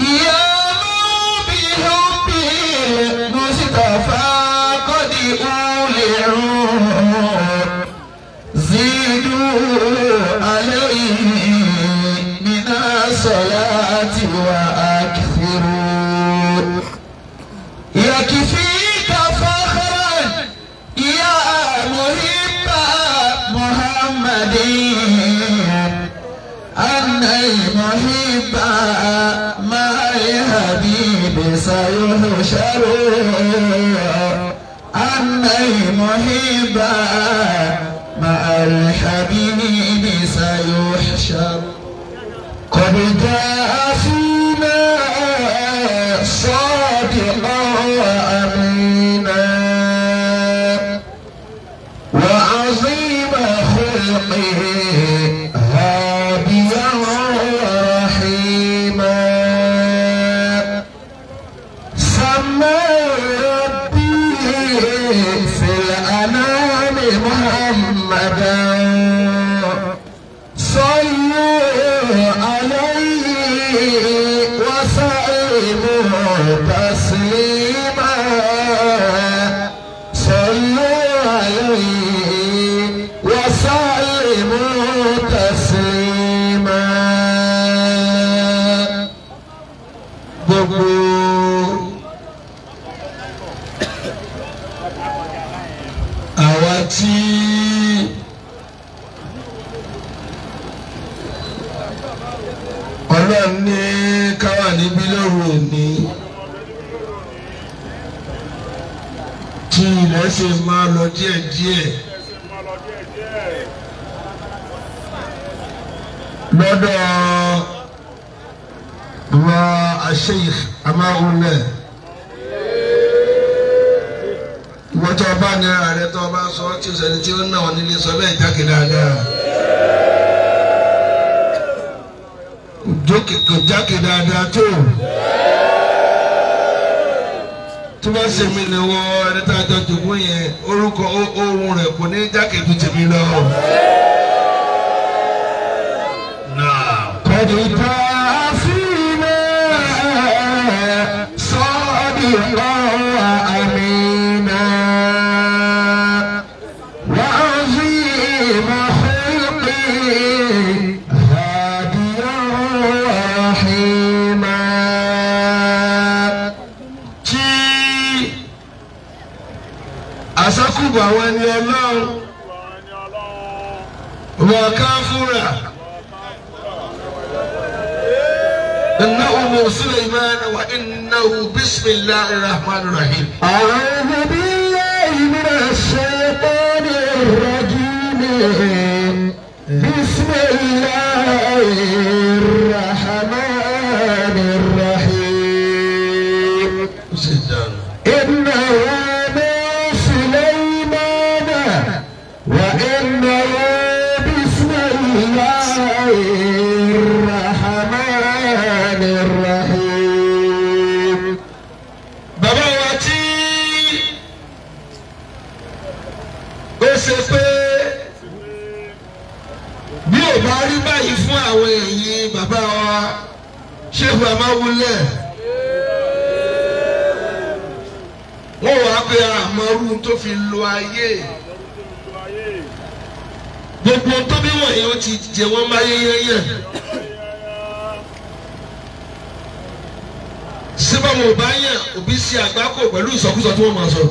He شرورا عمي محبا مع الحبيب سيحشر قد جاء díẹ̀ lọ́dọ̀ wa Sheikh amáhùnlẹ̀ wọ́n tó bá nira rẹ tó bá sọ tí o sẹ́ni tí ó náà nílé sọ bẹ́ẹ̀ jákè dáadáa. jókè jákè dáadáa tó tó bá ṣe mí lọ́wọ́ ẹni tá a jọ jòkó yẹn orúkọ ohun rẹ̀ kò ní jákèjú tèmi lọ. Now, Kọ́dí tá. yúùbù àwọn ẹni ọlọ́run wà káfúrà iná umu suleiman wa iná hu bisimilahi rahman rahim. àwọn ibi ìmọ̀ ṣe tó ní ìrọ̀jú ni bisimilahi rahman rahim. wulẹ̀ wọ́n wàá bẹ àmọ́rú tó fi lo ayé gbogbo tó bí wọ̀nyí ó ti jẹ wọ́n bá yẹ́yẹ́yẹ́ síbẹ̀ wọn ò bá yàn òbí sí àgbákò pẹ̀lú ìsọkúsọ tí wọ́n máa sọ.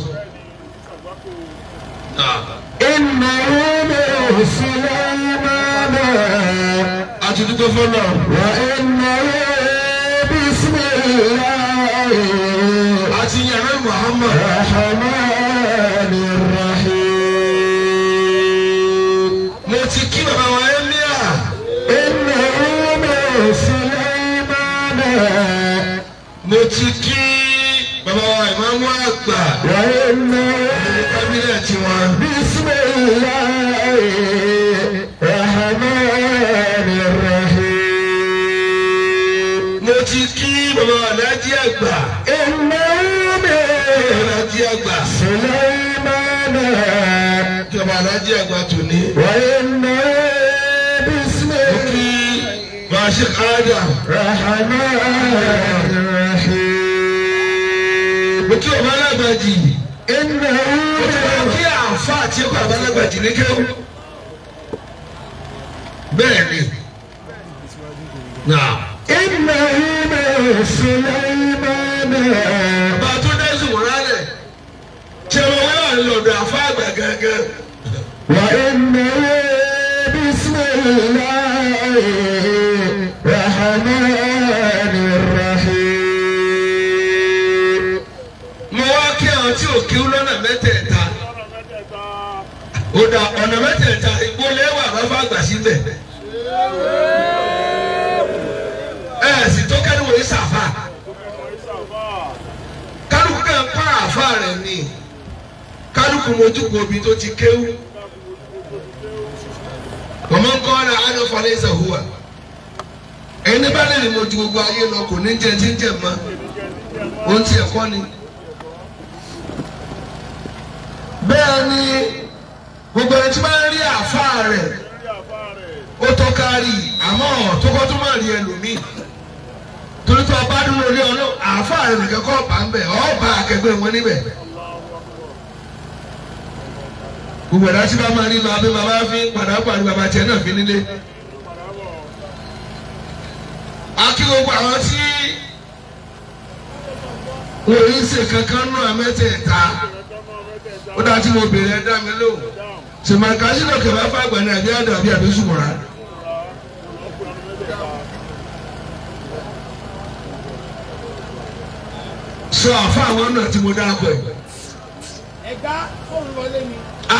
Ìnà omi òsì lọ́wọ́ náà. Àti dúpẹ́ fọ́nà. Wà á ń àti yàrá Muhammad. rahim. mo ti wa ẹ́ mìíràn. ẹnì ọmọ Sulaimana. mo ti kí bàbá wa bisimilayi. àgbà. Iná mi ìrìnàjì àgbà. Sọlá ìmọ̀nà. Ìjọba alájí àgbà tún ní. Wáyé iná bísímẹ̀. Ó kí Bàṣẹ Ádà. Ràhánà Ràhí. Mo kí ọba alágbàjì. Iná mi. Mo kí àǹfà àti ọba alágbàjì ní kéwù. mẹ́ta ọ̀nà mẹ́tẹ̀ẹ̀ta igbó lẹ́wà rọ́fà àgbà síbẹ̀. ẹ sì tó kẹ́niwò yìí sàfà kálukú náà pa àfà rẹ̀ ni kálukú mojú kò bí tó ti kéwú. ọmọ nǹkan ọ̀nà àná fọlẹ́ ìsàhùwà ẹni bá lè rìn mojú gbogbo ayé lọ kò ní jẹ jíjẹ mọ́ ohun tí ẹ̀kọ́ ni. bẹ́ẹ̀ ni gbogbo ẹni tí máa ń rí àáfàá rẹ̀ ó tọ́ka rí àmọ́ tó kọ́ tó máa rí ẹlòmíì torí tó ọba dúró lé ọ náà àáfàá rẹ̀ nìkan kọ́ ọba ń bẹ̀ ọba akẹgbẹ́ wọn níbẹ̀. gbogbo ẹ̀dá tí bá máa rí lọ abẹ́ bàbá fi padà pàdé bàbá tiẹ̀ náà fi nílé. akí gbogbo àwọn tí wọ́n yìí ṣe kankan náà mẹ́tẹ̀ẹ̀ta ó dájú mo bèrè ẹ̀dá mi lóhùn sèmàkàsí náà kẹfà fàgbà ní àbí àdó àbí àbí sùmùrà. sọ àfa àwọn náà tí mo dáko ẹ. ẹ̀dá fóun wọlé mi.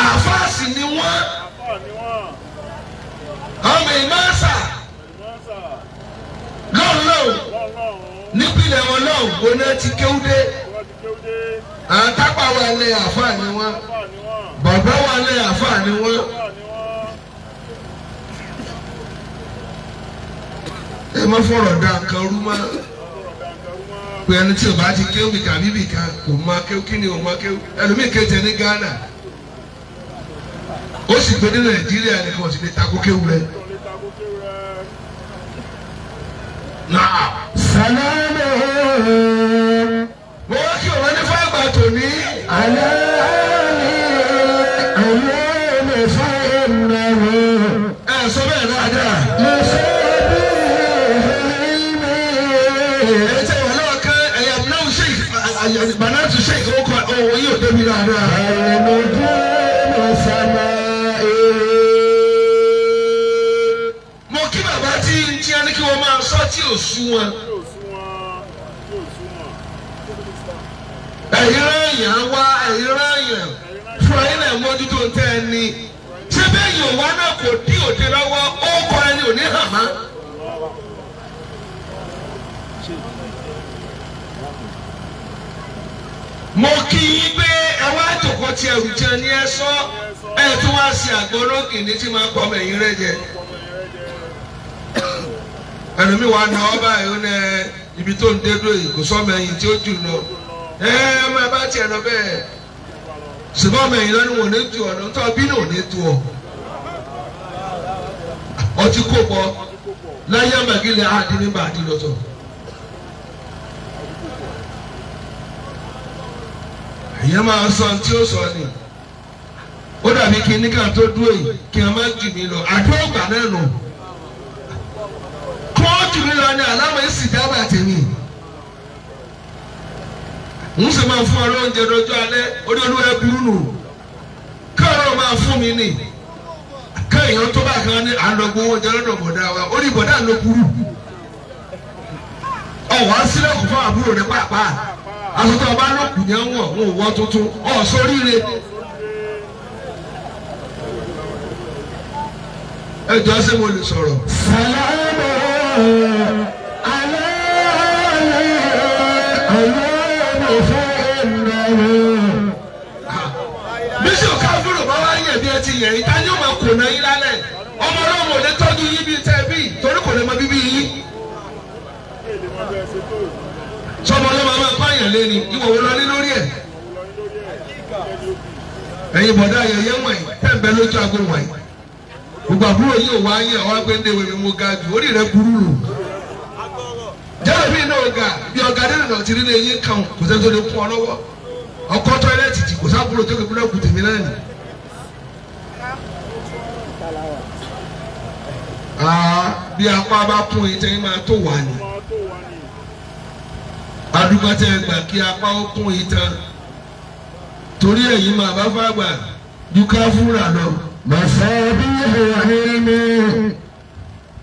àfa sì ni wọ́n. ọmọ ìmọ̀ọ́sà. lọ́ọ̀lọ́ọ̀ nípìnlẹ̀ wọn lọ́ọ̀ gbóná ti kéwú dé. àtàpà wà lé àfáà ni wọ́n bàbá wà lé àfáà ni wọ́n. ẹ má fọ̀rọ̀ dá nǹkan rú pé ẹni tí o bá ti kéwì kàbí bìkan kò má kéwì kí ni o má kéwì ẹlòmíì kéjẹ ní Ghana ó sì gbé ní Nàìjíríà nìkan sì lè takò kéwì rẹ. Náà. sàlámù. wa tòní. alẹ́ ni alẹ́ mi fún ẹ̀mí ẹ sọ bẹ́ẹ̀ dáadáa. mo ṣe bí ìfẹ́ mi. ẹ ṣe wà lọ́wọ́ kan ẹ̀yà náà ṣe bàná tún ṣe yóò débi dáadáa. ẹ̀rẹ̀ mi dé mo sàmà èrè. mo kí bàbá tí ń tiẹ́ ní kí wọ́n máa sọ tí ò sú wọn. èèyàn ń wá ẹ̀yìn ráyàn fún ẹ̀yìn náà mójútó tẹ́ ẹ ní. ṣé bẹ́ẹ̀yìn òwa náà kò dí òde lọ́wọ́ ó kọ ẹni òní hàn mọ́. mo kí yín pé ẹ wá jòkó tí ẹrù jẹ ní ẹ sọ ẹ tún wá sí àgbo lókè ní tí máa pọ̀ mẹ́yìn rẹ jẹ ẹnu mi wà ní ọba ẹ ibi tó ń dé dúró yìí kò sọ mẹ́yìn tí ó jù lọ. Eh, ẹ máa bá tiẹ̀ lọ bẹ́ẹ̀ ṣùgbọ́n ọmọ ẹ̀yìn lọ́nu wò ní tu ọ̀nà tó bí náà ní tu ọ̀ ọtí kó bọ láyé àmàgílẹ̀ àdínníbà àdínlọ́tọ̀. èèyàn máa sọ tí ó sọ ni ó dàbí kí nígbà tó dúró yìí kí wọn má jù mí lọ àdúrà náà nù jù mí lọ ni àlámọ̀ èsì dábàá tèmi. ń sì máa fún ọ lóúnjẹ lójú alẹ́ orí olúwa burú nù káàárọ̀ máa fún mi nì káàyàn tó bá kan ní àlọ́gbọ́n oúnjẹ lọ́dọ̀ bọ̀dá wa orí bọ̀dá ló burú ọ̀wọ́ sílẹ̀kùn fún àbúrò rẹ pàápàá àtúntò ọba lókùn yẹn wọ̀ wọn wọ́ tuntun ọ̀ sóríire. ẹ ṣé mo lè sọ̀rọ̀. sàlámù alẹ́ alẹ́ alẹ́ òfò òǹdọ̀wò. bíṣọ̀ káfíńrò bá wá yẹ̀ bí ẹ ti yẹ̀ ìta ni ó máa kùnà yín lálẹ́ ọmọ ọlọ́run ò lè tọ́jú yín bíi tẹ́ bí torí kò lè mọ bíbí yín. sọmọ ọlọ́mọ máa pààyàn lé ni ìwọ wo lọ ní lórí ẹ̀. ẹ̀yin bọ̀dá ayẹyẹ wọ̀nyí tẹ̀ ń bẹ lójú ago wọ̀nyí gbogbo àbúrò yìí ò wá yẹ ọ́ jẹ́rìí mi ní ọ̀gá bí ọ̀gá nínú náà ti rí ní eyín kan kò sẹ́ni tó lè kún ọ lọ́wọ́ ọkọ tọ́lẹ́tì tì kò sábúrò tó kékeré kù tèmi náà nì. bí apá bá kún yìí tẹ́yìn máa tó wà ní. adúgbò tẹ́ kí apá ó kún yìí tán torí ẹ̀yin máa bá fàgbà ju ká fúnra lọ. màfẹ́ bí ìhùwà ní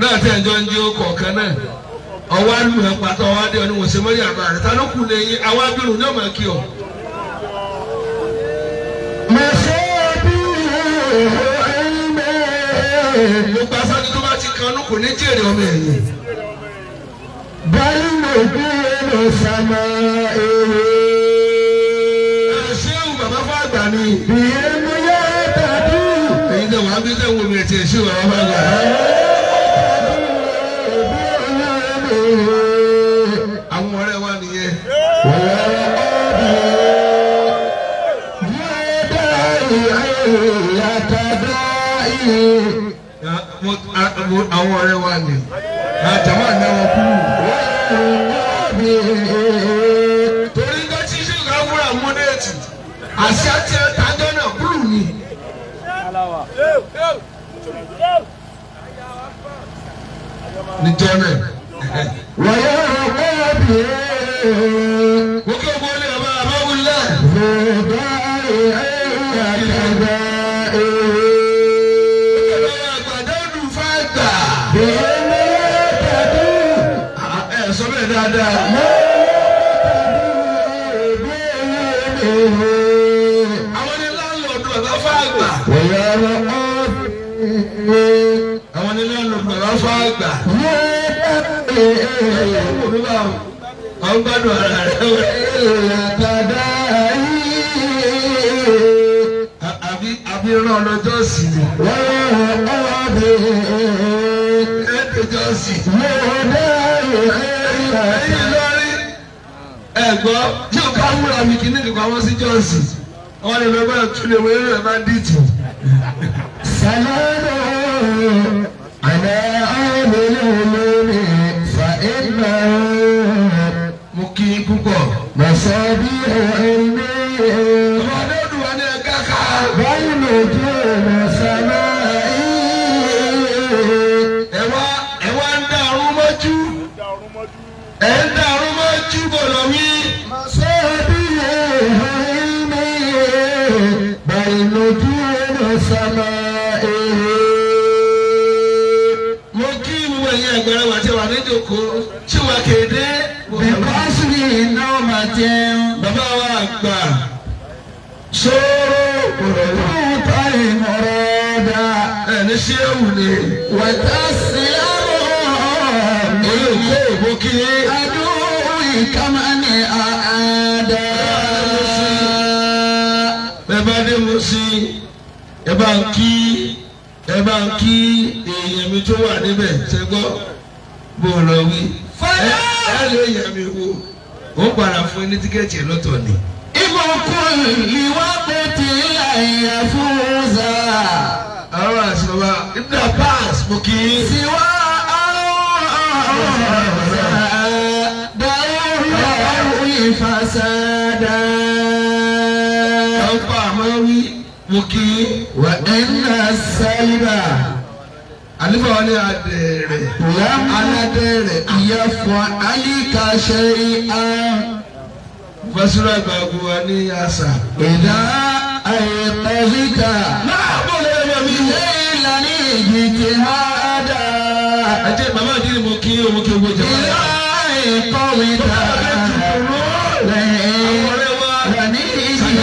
náà tẹ̀ ndị jọ ń jẹ́ ọkọ̀ kan náà ọwọ́ alùpùpù hàn pàtó ọwọ́ adé ta ọ. màṣẹ́ bí ẹ̀mẹ́. mo gba sani tó bá ti kanú kò ọmọ na sama ewe. ụmụ agba ya dị àwọn ọ̀rẹ́ wa ni. dáadáa. ọ̀pọ̀ àmọ́ wí mo kì í wà ẹ̀ńnà sáyidà alifa wani adere ya aladere iya fọ alika ṣe a fasura gbàgbọ́ wa ní yasa. ìdá àìtọ́síkà. náà bọ̀ lè wọ mi. ilé ìlànà ìgbìkì ha dá. ẹ jẹ́ bàbá àdínní mo kí ọmọ kí o gbọ́dọ̀. ìdá àìtọ́síkà. lẹ́yìn.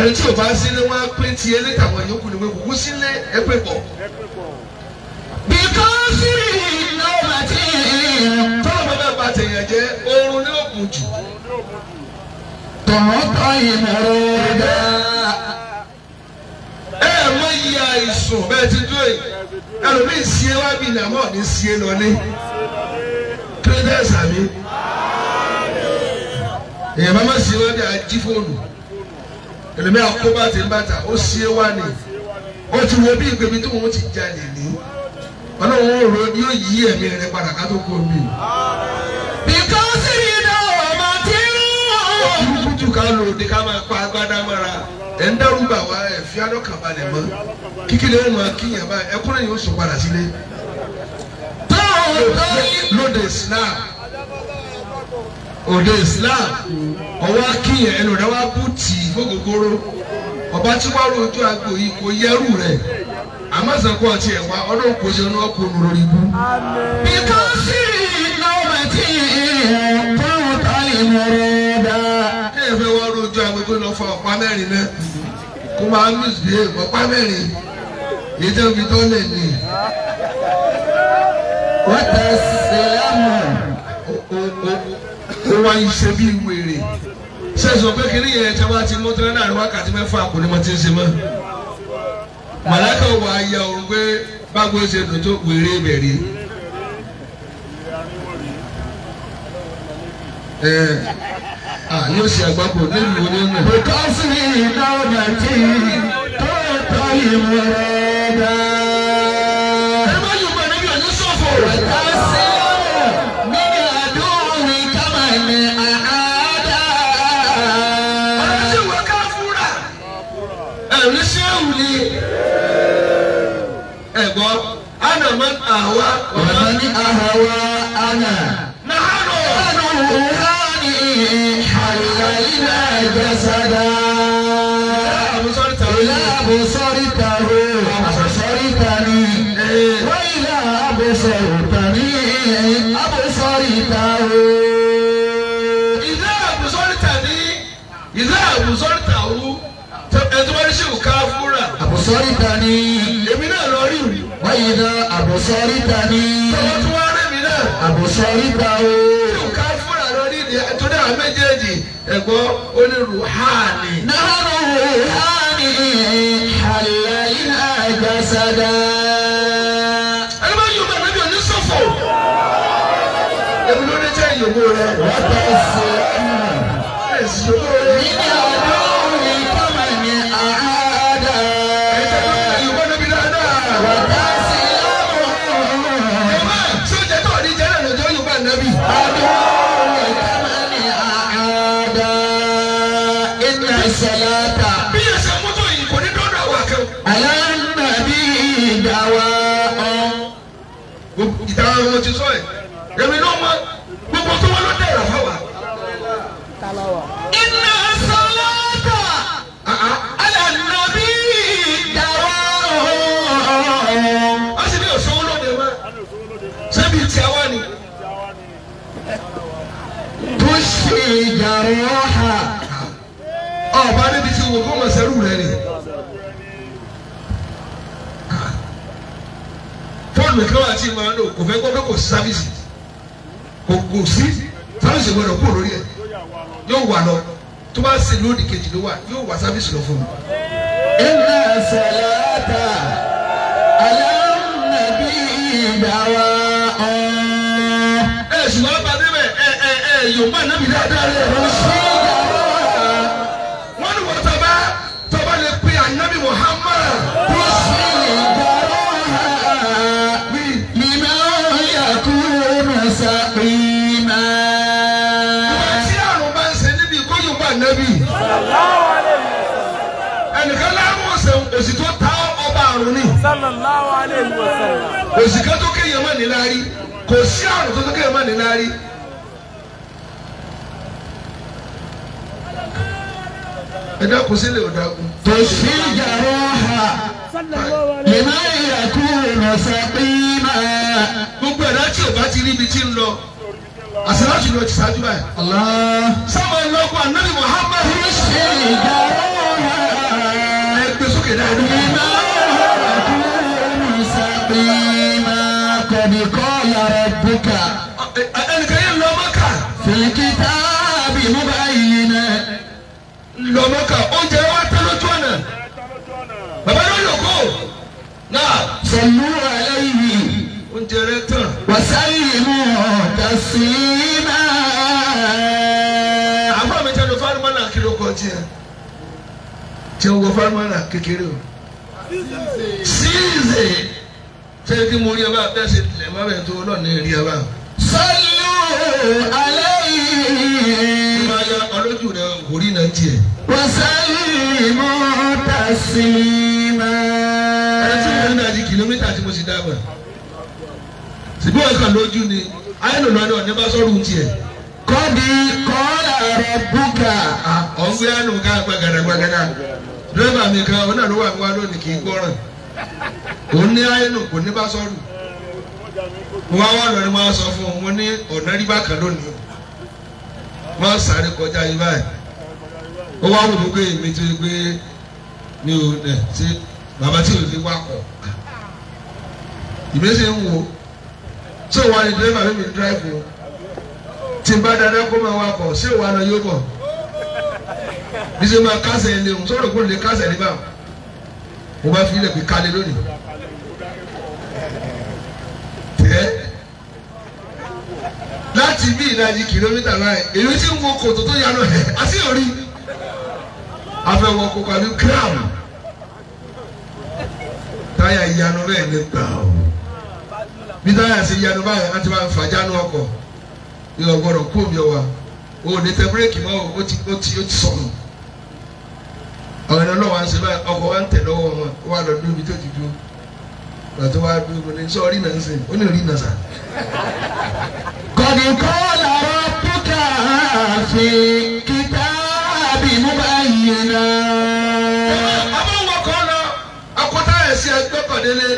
ẹni tí o bá sílé wá pé ti eléta àwọn yòókù ni wọ́n kú sílé ẹgbẹ́ pọ̀. because iná bá ti yàn. tọ́lá bàbá bá tèèyàn jẹ́ oorun ní òkun jù. tọ̀ọ̀tọ̀ ìmọ̀ràn dá. ẹ mọ iye àìsùn bẹ́ẹ̀ ti dúró yìí ẹlòmíì sí ẹ wá bí ìdààmú ní sí lọ ní. kí ló èèyàn bá má sí wá bí ají fóònù ẹlòmíà kó bàtà bàtà ó ṣe wá ni ó ti wo bí ìgbèmí tó wọn ti jalè ní ọlọ́run ó ro yóò yí ẹ̀mí rẹ padà ká tó kó mi. because you know ọmọ tí ń wọ̀. kúkú ká lò ní ká máa pa agbádá mọ́ra ẹ̀ ń dárúgbà wá ẹ̀ fi alọ́kàn balẹ̀ mọ́ kíkìlẹ̀ ó máa kíyàn bá ẹkúnrẹ́ yóò sùn padà sílé. lóde Islam. òde Islam ọwọ́ akínyẹ̀ ẹnu rẹ̀ wá bú tì í fógógóró ọba tí wàá rojú agbo yìí kò yẹrù rẹ̀ àmọ́sàkó ọtí ẹ̀ wá kò ṣe náà kó nu lórí ibú. bíkọ́sì náà bẹ̀ tí ìhẹ̀ẹ́dẹ́wò dá. kí ẹ fẹ́ lọ fọ ọ̀pá mẹ́rin náà ó wá ń bí wèrè ṣe pé kiri yẹn tí a ti mú tẹ́lẹ̀ náà wákàtí mẹ́fà kò ní mo ti ń ṣe mọ́ màláka wà á òun pé báwo ṣe dùn tó wèrè bẹ̀rẹ̀ yóò ṣe àgbàpọ nílùú onínú. bùkọ́sì ìdáwọ̀dà tí tó tọ́ ìmọ̀ràn dáa. àbùsọ̀ ríta ni. tọ́wọ́ tún wá rẹ̀ mí náà. àbùsọ̀ ríta o. yóò ká fúnra lọ nídìí àtúndà àwọn méjèèjì ẹ̀gbọ́n onírú hàní. náà rò hàní àlẹ́ iná ẹ̀jẹ̀ sádà. ẹni bá yóò bá ẹni bí oníṣòfò. èmi ló ní jẹ́ ìyòwò rẹ̀. wọ́n tẹ̀ sí ẹ̀ sí ìyòwò rẹ̀. kò sí sáfíìsì kò kò sí sáfíìsì gbọ́dọ̀ kúrò lórí ẹ̀ yóò wà lọ tó bá ṣe lóòdì kejì ló wà yóò wà sáfíìsì lọ fún mi. iná sọ̀láta aláǹnàbí ìdáwà ọ̀. ẹ ṣùgbọ́n bá débẹ̀ ẹ ẹ ẹ yòó má nábì dáadáa lè rọ́ṣọ́. sallallahu alayhi wa sallam. kò sí ká tó kéèyàn mọ̀ nílá rí kò sí àrùn tó tó kéèyàn mọ̀ nílá rí. ẹ dákun sílẹ̀ ò dákun. kò sí ìjàrọ̀ ha lèmi ìyàkú ìrọ̀sẹ̀ pínà. gbogbo ẹ̀dá tí ò bá ti rí ibi tí ń lọ àsìláàtì ló ti ṣáájú báyìí. sábà ìlọ́kọ̀ ànábì Muhammad. ṣé ìjà ọ̀hún. ẹ gbé sókè dáadáa. فيما قد قال ربك ẹnìkan lọ Mákà. fìlìkìtà bí mo bá yìí nẹ. lọ Mákà oúnjẹ wa tán lójú ọ̀nà. bàbá yóò lò kó. náà. sọ̀nù aláìní. oúnjẹ rẹ tán. wàsáyé mú ọ̀tá sí náà. àbúrò mi jẹ́ lọ fárúmọ́nà kí ló kọjú ẹ̀. jẹ́ wọ fárúmọ́nà kékeré o. síìzì tẹ́lẹ̀ kí mo rí ẹ bá ṣe tilẹ̀ má bẹ̀ tó ọlọ́ọ̀ni rí ẹ sọ́lù alẹ́ yìí. máa ya ọlójú rẹ kò rí náà tiẹ̀. wọ́n sáré mọ́ tàṣí máa. ẹ ti wọ́n náà di kìlómítà tí mo sì dábàá. síbí wọn kàn lójú ni ayélujára ọ̀nẹ́ bá sọ̀rọ̀ tiẹ̀. kọ́bi kọ́lá rẹ̀ búkà. ọ̀gbìn ànú ká gbàgàdàgbàgàdà dírẹ́bà mi kan ọ̀nà ló wà wá lónìí kì í gbọ́ràn kò ní ayélu kò ní bá sọ́rù mo wá wà lọ́ni wọ́n á sọ fún un mo ní ọ̀nà rí bákan lónìí o wọ́n á sáré kọjá yìí báyìí ó wá wò lóko èmi tó yẹ pé mi o nẹ̀ tí bàbá tí o fi wá kọ̀ ìgbésẹ̀ ń wò o wàá ní dírẹ́fà mi mi dírẹ́fù tí n bá dáadáa kó máa wakọ̀ o wàá lọ yóò bọ̀ bí ṣe máa kásẹ̀ ilé o sọ̀rọ̀ kó lè kásẹ̀ níbà mo bá fi ilẹ̀ pé kálẹ̀ lónìí tẹ́ láti bí ìlàjì kìlómítà báyìí èyí tí ń wo kòtò tó yanu ẹ̀ àti òrí afẹ́wọ́ kó pàdé gram táyà ìyanu bẹ́ẹ̀ ni gbà ó bí táyà sí ìyanu báyìí láti máa ń fàjánu ọkọ̀ ìwọ̀n gbọ́dọ̀ kó mi ọ o ò ní tẹ bírèkì mọ́ o ti sọnù àwọn ẹni ọlọ́wà ń ṣe báyìí ọkọ̀ wa ń tẹ̀ lọ́wọ́ wọn ó wà lọ dúró ibi tó ti dúró pàtó wa dúró kò ní sọ orí náà ó ní orí náà sà. kọ̀dùkọ́ làwọn púkà fi kíkà bí mo bá yẹ náà. abáwọ̀ kan lọ akọ́tà ẹ̀sìn ẹgbẹ́ kọ̀délé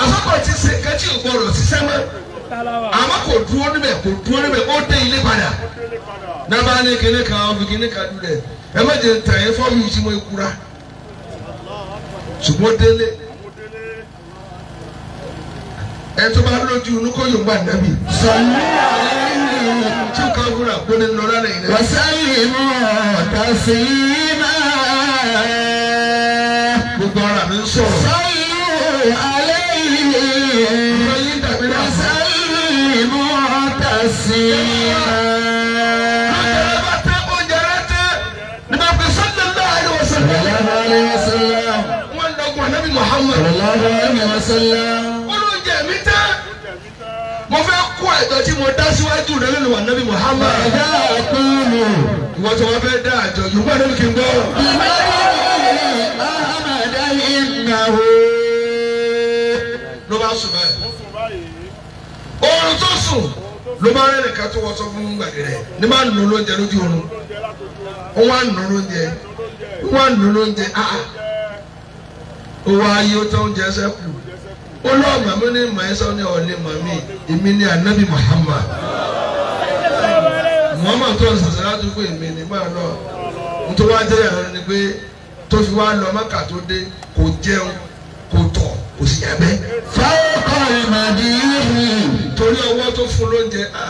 àsọ̀kọ̀ ti ṣe kẹ́tì ìgbọ̀rọ̀ ṣiṣẹ́ mọ́ àmọ́ kò dúró níbẹ̀ kò dúró níbẹ̀ ó dé ilé padà nàbà ní kíní kan ó fi kíní kan dúlẹ̀ ẹ má jẹ tàn yín fọ́ọ̀mù yìí tí mo kura ṣùgbọ́n délé ẹ tó bá lójú inú kó yóò gbà nàbì. sọ̀rọ̀ tí o kàn kúrò àgbóni lọ́la rẹ̀ yìí. wàsáyé mọ́ ọ̀tá sí i máa. gbogbo ara mi ń sọ̀rọ̀. sọ́yìn o. Allahu Akbar sallam. olóúnjẹ mi tẹ́ mo fẹ́ kó àjọ tí mo dá síwájú rẹ lónìí wà nábì Muhammad. ẹ̀dá àkúrò. ìwọ tí wọ́n fẹ́ dá àjọ yìí wọ́n ló kí n gbọ́. ló bá sùn báyìí oorun tó sùn ló bá rẹ̀ nìkan tó wọ́sọ fún gbàgẹ̀rẹ̀ ní máa nù lóúnjẹ lójú oorun wọ́n á nù lóúnjẹ wọ́n á nù lóúnjẹ ah, ah owó ayé ó tó ń jẹ sẹ́kù ó lọ́ọ̀ màmí ní ìmọ̀ ẹ́sọ́ ní ọ̀lẹ́ màmí èmi ní anabi Muhammad Muhammad tó ń sàṣẹ́ láti fún èmi ní máa lọ nítorí wá jẹ́ ìyàrá ni pé tó fi wá lọ mọ́kà tó dé kò jẹun kò tọ̀ kò sì yàgbẹ́. fáwọkọ ìmọ̀dí yìí. torí ọwọ́ tó fún lóúnjẹ à.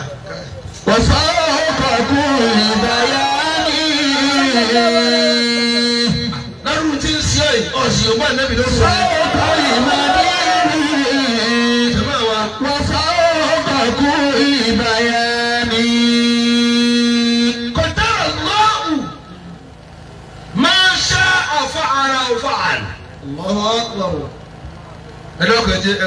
wọ́n fáwọkọ kú ìdáyà ní ògbó ànábì ló sọ. sọ́ọ̀kọ̀ ìmọ̀lẹ́ mi. jọ̀mọ́ wa. wọ́n sọ́ọ̀kọ̀ kú ìbáyà mi. kọ̀tà lọ́wù máa ṣá àfa ara òfa àná. ẹ lọ́kàn jẹ́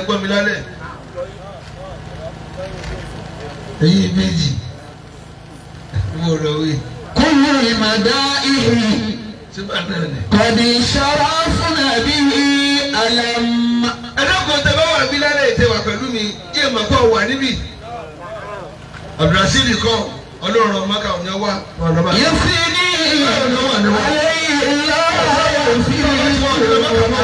ìhìn kọ̀dí sọ̀rọ̀ fún àbí alam. ẹ̀dọ́kùn tẹ bá wà bí lára ètè wà pẹ̀lú mi yé mà kó wà níbí. abdulrasheed kọ ọlọ́run ọmọ ká ọ̀yàn wá. yóò fi ní alẹ́ ìlà òfin ìlànà.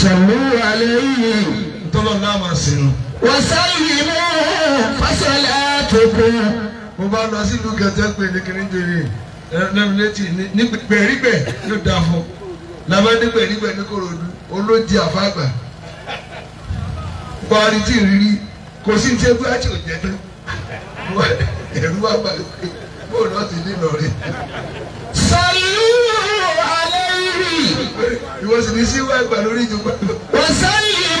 sọ̀rọ̀ àlẹ́ yìí. tọ́lọ́ náà máa sìn wàsálìmù fásọlá tókò. mo bá lọ sílùú gẹ̀ẹ́tẹ́ pé ní kíní jòyè lẹ́mìlétì ní gbẹ̀rígbẹ̀ yóò dáa fún làbá ní gbẹ̀rígbẹ̀ ní korodu olóòjì àfàgbà bọ́ọ̀lì tí rírí kò sí ní tẹ́gbẹ́ àti òjẹ́ tán ẹ̀rú wa gbà pé bóòlù ọ̀tí nílò rẹ̀. sàlù alẹ́ rí. ìwọ sì ní sí wàá gbà lórí ìjọba. wọ́n sálì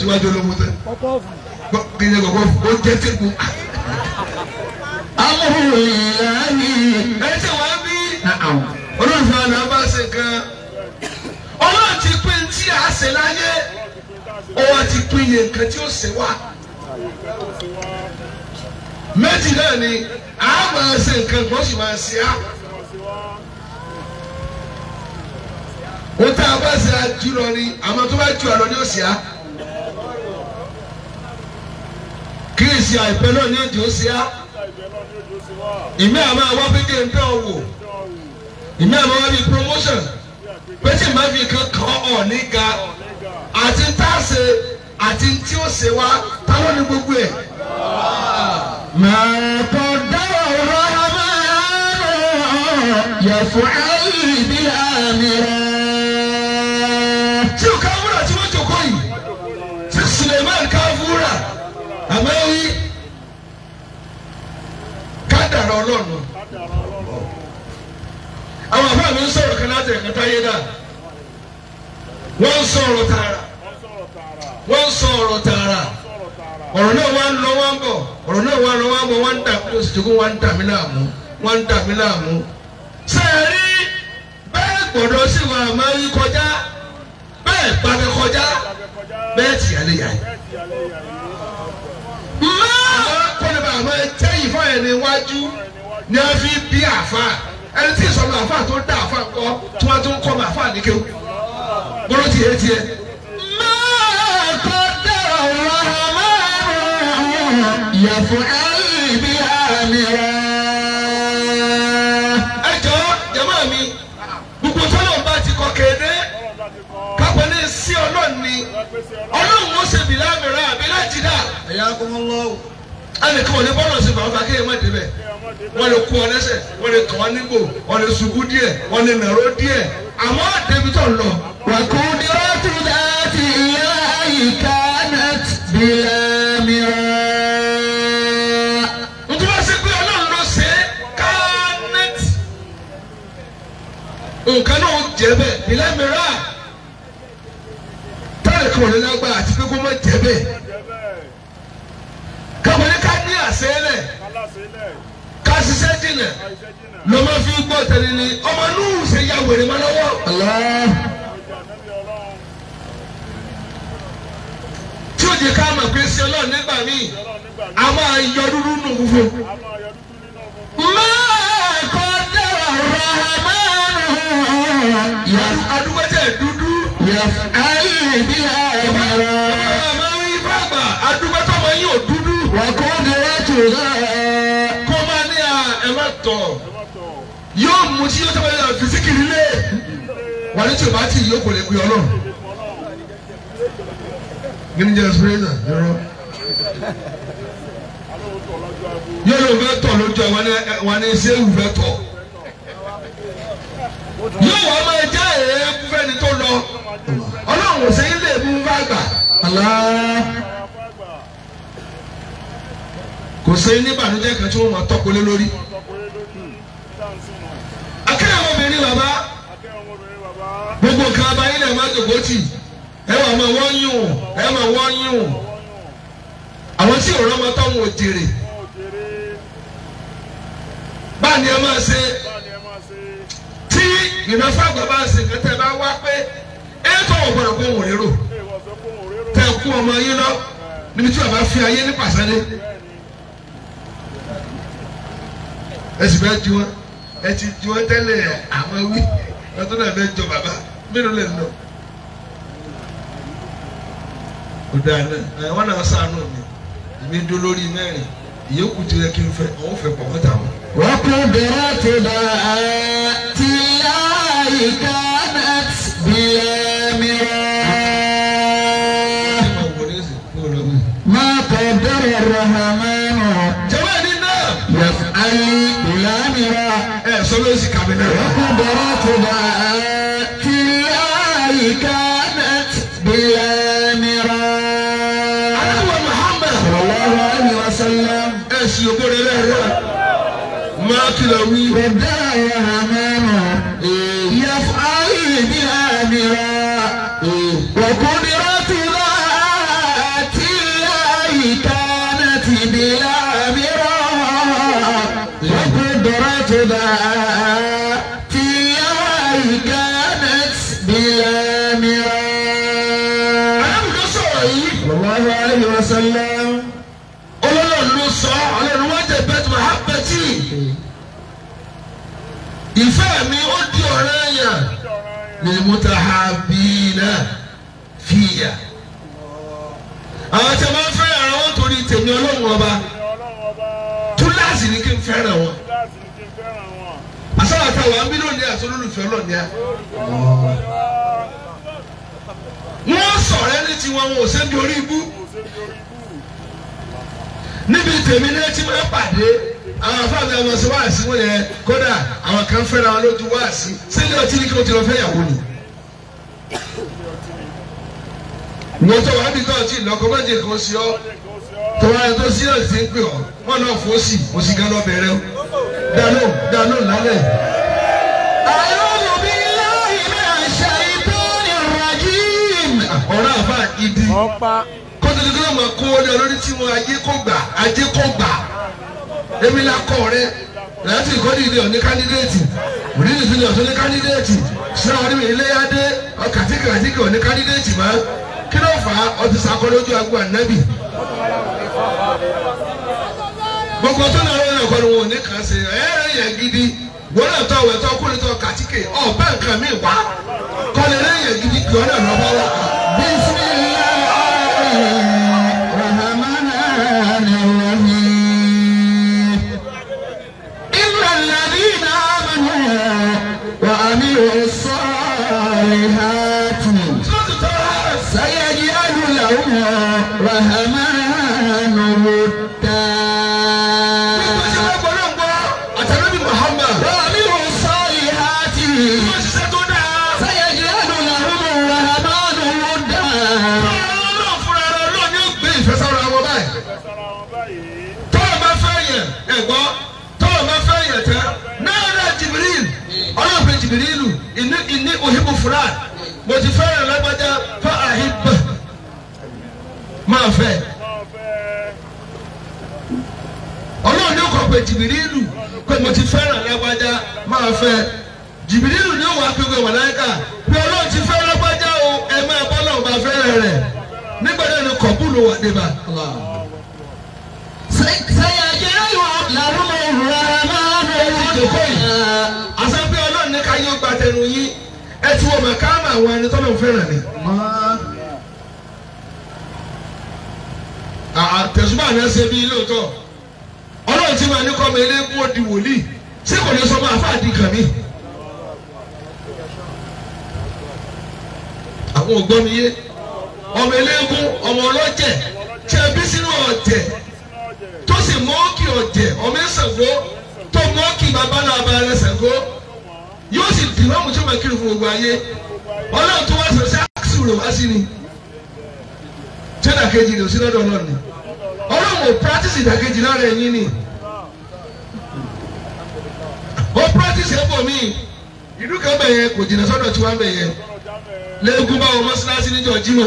síwájú ológun tẹ kéde kọkọ ó jẹ tẹkù. àwọn ìlànà ẹ ti wá bí olóòfin àná bá ṣe kan ọlọ́run ti pín tí a ṣe láyé ọwọ́ ti pín iye nǹkan tí ó ṣe wá méjì náà ni a máa ṣe nǹkan kan sì máa ṣe á. wọ́n tá a bá ṣe àjùlọ ni àmọ́ tó bá jù àlọ́ ni ó ṣe á. ìsì àìpẹ́ náà ní ìjọ sí á ìmí àmọ́ àwọn afẹ́kẹ́ ń tẹ́ ọ wò ìmí àmọ́ wọn bíi promotion pé tí fi kan kàn ọ̀ ní àti tá a ṣe àti tí ó ṣe wá táwọn ní gbogbo ẹ̀. màá dáwọ̀ ọ̀rọ̀ ọmọ yẹ fún ayé ìbí rẹ̀. tí o ká wúrà tí wọ́n jòkó yìí tí Suleiman ká wúrà àmọ́ yí kádàrá ọlọ́run àwọn àbá mi ń sọ̀rọ̀ kan láti ẹ̀ka táyé dà wọ́n ń sọ̀rọ̀ tààrà wọ́n ń sọ̀rọ̀ tààrà ọ̀rọ̀ náà wá ń lọ wá ń bọ̀ ọ̀rọ̀ náà wá ń lọ wá ń bọ̀ wá ń dà mí oṣù tó wá ń dà mí láàmú wá ń dà mí láàmú. sẹ́ẹ̀rí bẹ́ẹ̀ gbọ́dọ̀ sì wà máa yí kọjá bẹ́ẹ̀ gbàgbé kọjá bẹ́ẹ̀ tìyàlé yàrá àmọ́ ẹjẹ́ ìfọ̀ yẹn níwájú ni wọ́n fi bí àfa ẹni tí ìsọ̀rọ̀ àfa tó dá àfa kọ́ tí wọ́n tún kọ́ àfa nìkẹ́ o gbọ́dọ̀ tiẹ̀ tiẹ̀. máa kọ́ dára ọ̀rọ̀ àmọ́ yàtọ̀ ẹ̀rí bí rẹ̀. ẹ jọ mi gbogbo tọ́lọ̀ bá ti kọ kéde kápẹ́ ní sí ọlọ́ọ̀ni ọlọ́run ó ṣe bìlá mìíràn àbí láti dà. ẹ̀yà kọ́mọ́ lọ́wọ́ ẹnìkan ò ní bọ́ọ̀lù sí bàbá kéèyàn má débẹ̀ wọ́n lè kó ọ lẹ́sẹ̀ wọ́n lè kàn ọ́ nígbò wọ́n lè ṣubú díẹ̀ wọ́n lè nàró díẹ̀ àmọ́ débítọ̀ lọ. wàkúndé ó tún láti ìyá àyíká náà bílẹ̀ mìíràn. nǹkan náà ó jẹ́ bẹ́ẹ̀ bílẹ̀ mìíràn. táyà kan ò ní lágbára àti pé kó má jẹ́ bẹ́ẹ̀ kàmọ́ni ká ní àṣẹ́lẹ̀ ká ṣiṣẹ́ jìnà lọ́mọ fi gbọ́ tẹ̀lé ni ọmọ nùhùn ṣe ya wèrè mọ́ lọ́wọ́. tí ó jẹ ká mọ̀ pé sí ọlọ́run nígbà míì a máa yọ dúdú nù fúnfún. máa kọ́ dára rà máa rà. adúgbò tẹ̀ dúdú. yẹ ayé bí a rà wọ́kọ́ di ètò rẹ̀. kó má ní à ẹ má tọ̀ yóò mú tí yóò tẹ́wọ́ yà fìsíkì nílé wà ní tí o bá tì yóò kò lè gbé ọlọ́run. gíní jẹ́ spirinza yọrọ. yóò lò fẹ́ tọ̀ lójú yóò wọ́n máa jẹ́ èé fẹ́ni tó lọ ọlọ́run ò sẹ́yìn lè mú bá gbà kò sí níbànújẹ́ kan tí wọ́n máa tọ́kọ lé lórí. akẹ́yà ọmọbìnrin bàbá gbogbo nǹkan abayé náà máa dògbò tì ẹ wà máa wọ́n yùn ẹ máa wọ́n yùn àwọn tí ò rọ́mọ táwọn ò jèrè báà ni ẹ máa ṣe tí ìnáfà bàbá ṣe kẹtẹ bá wá pé ẹ tọ́ ọ̀gbọ̀dọ̀ pé òun rérò tẹ̀ kú ọmọ yín lọ níbi tí bàbá fi ayé ní pàṣẹ dé. ẹ sì fẹ́ ju wọn ẹ ti ju wọn tẹ́lẹ̀ àwọn wí ẹ náà fẹ́ jọ bàbá mélòó lè lọ. ọ̀dà náà wọn náà sànù mi èmi dó lórí mẹ́rin ìyókù ti yẹ kí n fẹ́ àwọn fẹ́ pọ̀ mọ́ta wọn. wọ́n bẹ̀rẹ̀ tó bá a ti láyìíká náà bí ẹ̀mí rẹ̀. máa kọ̀ bẹ̀rẹ̀ rẹ̀ hàn máa. sɛ bɛ sika mi nɛ. ɛkudara kuba tila ikana bila nira. alawa muhammed. sallallahu alayhi wa sallam. ɛ si o ko de la yɛrɛ. maa kila wi. bɛ daa yɛ hama. lilmutahabina fìyà. àwọn tí a máa ń fẹ́ràn ara wọn torí tèmi ọlọ́run ọba túláàsì ni kí n fẹ́ràn wọn. àsáwà táwọn amílíọ̀nù àti olólùfẹ́ ọlọ́ọ̀ni à. wọ́n sọ̀rọ̀ ẹni tí wọn ò sẹ́ni orí ibú. níbi tèmi ní ẹ ti máa pàdé àwọn afáàmì àwọn ọ̀sẹ̀ wáàsí wọn yẹn kódà àwọn kan fẹ́ra wọn lójú wáàsí sílẹ̀ ọtí ní kí wọ́n ti lọ fẹ́ yàwó ni. wọ́n tó wàá bí náà tí ìlọ́kọ méje kan sí ọ́ tó wàá yẹn tó sí náà ti ń pè ọ́ wọ́n náà fò sí òsì gan lọ́ọ́ bẹ̀rẹ̀ dáná dáná lálẹ́. àlọ́ ọ̀rọ̀ àbá ìdí kọ́tùtù kí ló máa kó wọlé olórí tí mo ajé kó gbà ajé kó gbà èmi la kọ rẹ láti ìkọ́ni ilé ọ̀ní kandidéètì òdìdí ìfilẹ̀ ọ̀tún ní kandidéètì síra onímọ̀ iléyàdé ọ̀kàtíkì kàtíkì ọ̀ní kandidéètì mọ́ kí ló fà á ọtí sakọ lójú agbo ànábì. gbogbo tó náà wọn ẹ̀kọ́ ni wọn ò ní kàn ṣe ẹ̀ẹ́rẹ́ yẹn gidi wọn náà tọ́ ọ̀wẹ́ tọ́ kúrò tọ́ kàtíkì ọ̀bẹ nǹkan mi wá kọ́lẹ̀ ẹ̀ẹ́rẹ́ yẹn gidi kì fulan mo ti fẹ́ràn lágbájá fa àhìbà máa fẹ́ ọlọ́run ní ọkọ̀ pé jìbìrìlù pé mo ti fẹ́ràn lágbájá máa fẹ́ jìbìrìlù ní òwò apẹ̀wé wàláńkà pé ọlọ́run ti fẹ́ lágbájá o ẹ máa bọ́ náà bá fẹ́ràn rẹ̀ nígbà náà ni kọ̀bùlù wà débà. sẹ́yìn àjẹrẹ́ ìwà làrúmọ̀ ìrora máa ń lọ sí ìdókòyì àṣẹ pé ọlọ́run ní ká yóò gbàtẹnu yín ẹ ti wo màkàmà àwọn ẹni tọ́lọ̀ fẹ́ràn ni. àtẹ̀sùbà náà ṣe bí lóòótọ́ ọlọ́run ti máa ní kọ́ mi eléégún òdì wòlíì ṣé kò ní sọ máa fà di kàn mí. àwọn ò gbọ́ mi yé ọmọ eléégún ọmọ ọlọ́jẹ̀ tí a bí sínú ọ̀jẹ̀ tó sì mọ́ọ̀kì ọ̀jẹ̀ ọmọ ẹ̀sẹ̀ gbó tó mọ́ọ̀kì babaláwa ẹ̀sẹ̀ gbó yóò sì dì mọ́mù tó máa kiri fún gbogbo ayé ọlọ́run tó wá sọ sí àkísù rẹ̀ wá sí ni jẹ́nà kejì ni òsínà dọ̀ ọlọ́run ni ọlọ́run ò practice ìdàkejì lára ẹ̀yìn ni ó practice ẹ̀ bọ̀ mí ìlú kan bẹ̀ yẹn kò jìnnà sọ́dọ̀ tí wọ́n bẹ̀ yẹn lẹ́gùn bá wọn mọ́ṣáláṣí níjọ́ jimá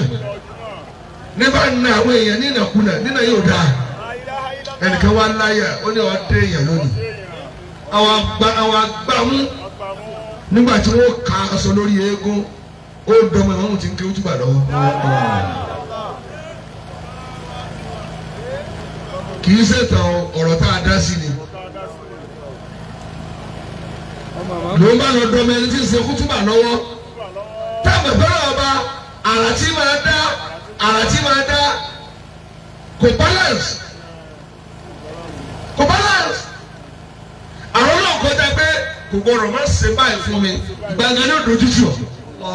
nígbà nínú àwọn èèyàn nínà kùnà nínà yóò dáa ẹnìkan wá láyà ó ní ọ̀ nígbà tí wọ́n ka aṣọ lórí eégún ó dọmọ ìwọ̀n tí ń ké túbà lọ́wọ́. kì í ṣètàn ọ̀rọ̀ tá a dá sí ni ló ń bá lọ dọmọ ẹni tí ń ṣe kútúbà lọ́wọ́ tábẹ̀ ọba àrà tí máa dá àrà tí máa dá kò balance kò balance àwọn náà kọjá pé kò gbọdọ̀ má ṣe báyìí fún mi gbàgbé ní òdòjújù ọ.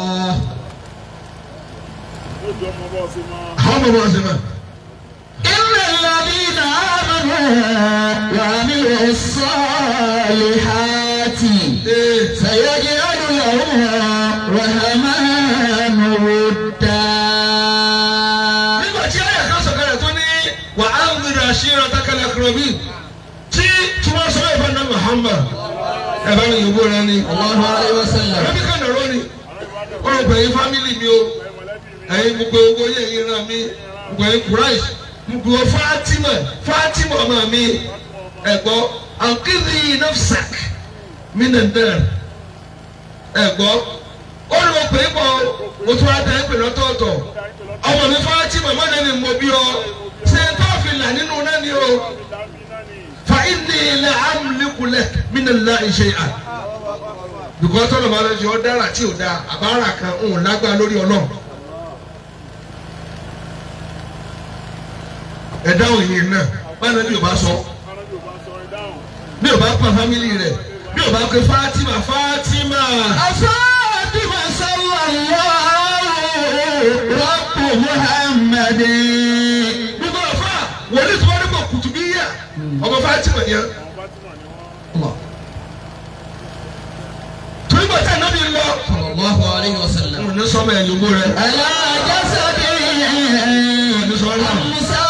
àwọn bọ̀ ṣe mọ́. ilé ìlànà iná àmàlà wà nílò sọ́ọ̀lì hàtì sàyẹ́jì ọ̀dùnlọ́wọ́ rahmanu wòdà. nígbà tí ayé sọ̀kalẹ̀ tó ní wà á ń gbìyànjú àṣírí ọ̀tá kalẹ̀ kúrò bí tí tí wọ́n sọ ìfọ̀nà Muhammad ẹ bá mi yòówó rẹ ni Allahu alaihi wasallam. ẹbí kan nàró ni ó rò pé ẹ̀yin fámìlì mi o ẹ̀yin gbogbo owó yẹ ẹ̀yin ràn mí gbogbo ẹ̀yin Quraish gbogbo Fatima Fatima ọmọ mi ẹ̀gbọ́ àkìrì nafsak mínàndàn ẹ̀gbọ́ ó rò pé bọ̀ o tún adá ẹ̀ lọ́tọ̀ọ̀tọ̀ ọmọ mi Fatima mọ́ni mi mọ̀ bí ọ ṣe tó fi là nínú náà ni o inni la amliku lak minallahi shay'an bìkọ́ tọ́lọ̀ máa lọ sí ọ dára tí ò dáa àbára kan òun lágbá lórí ọlọ́run. ẹ̀dá òyìn náà báyọ̀ bí o bá sọ bí o bá pa fámìlì rẹ̀ bí o bá pe Fatima Fatima. Fatima sallallahu rabbu Muhammadin. gbogbo àfa wòlíì tó ọmọ Fatima ni ẹ ọmọ torí bàtà náà mi lọ. sallallahu alaihi wasallam. mo ní sọmọ ẹ̀ lóko rẹ. ẹ̀yà àjẹsà bí musa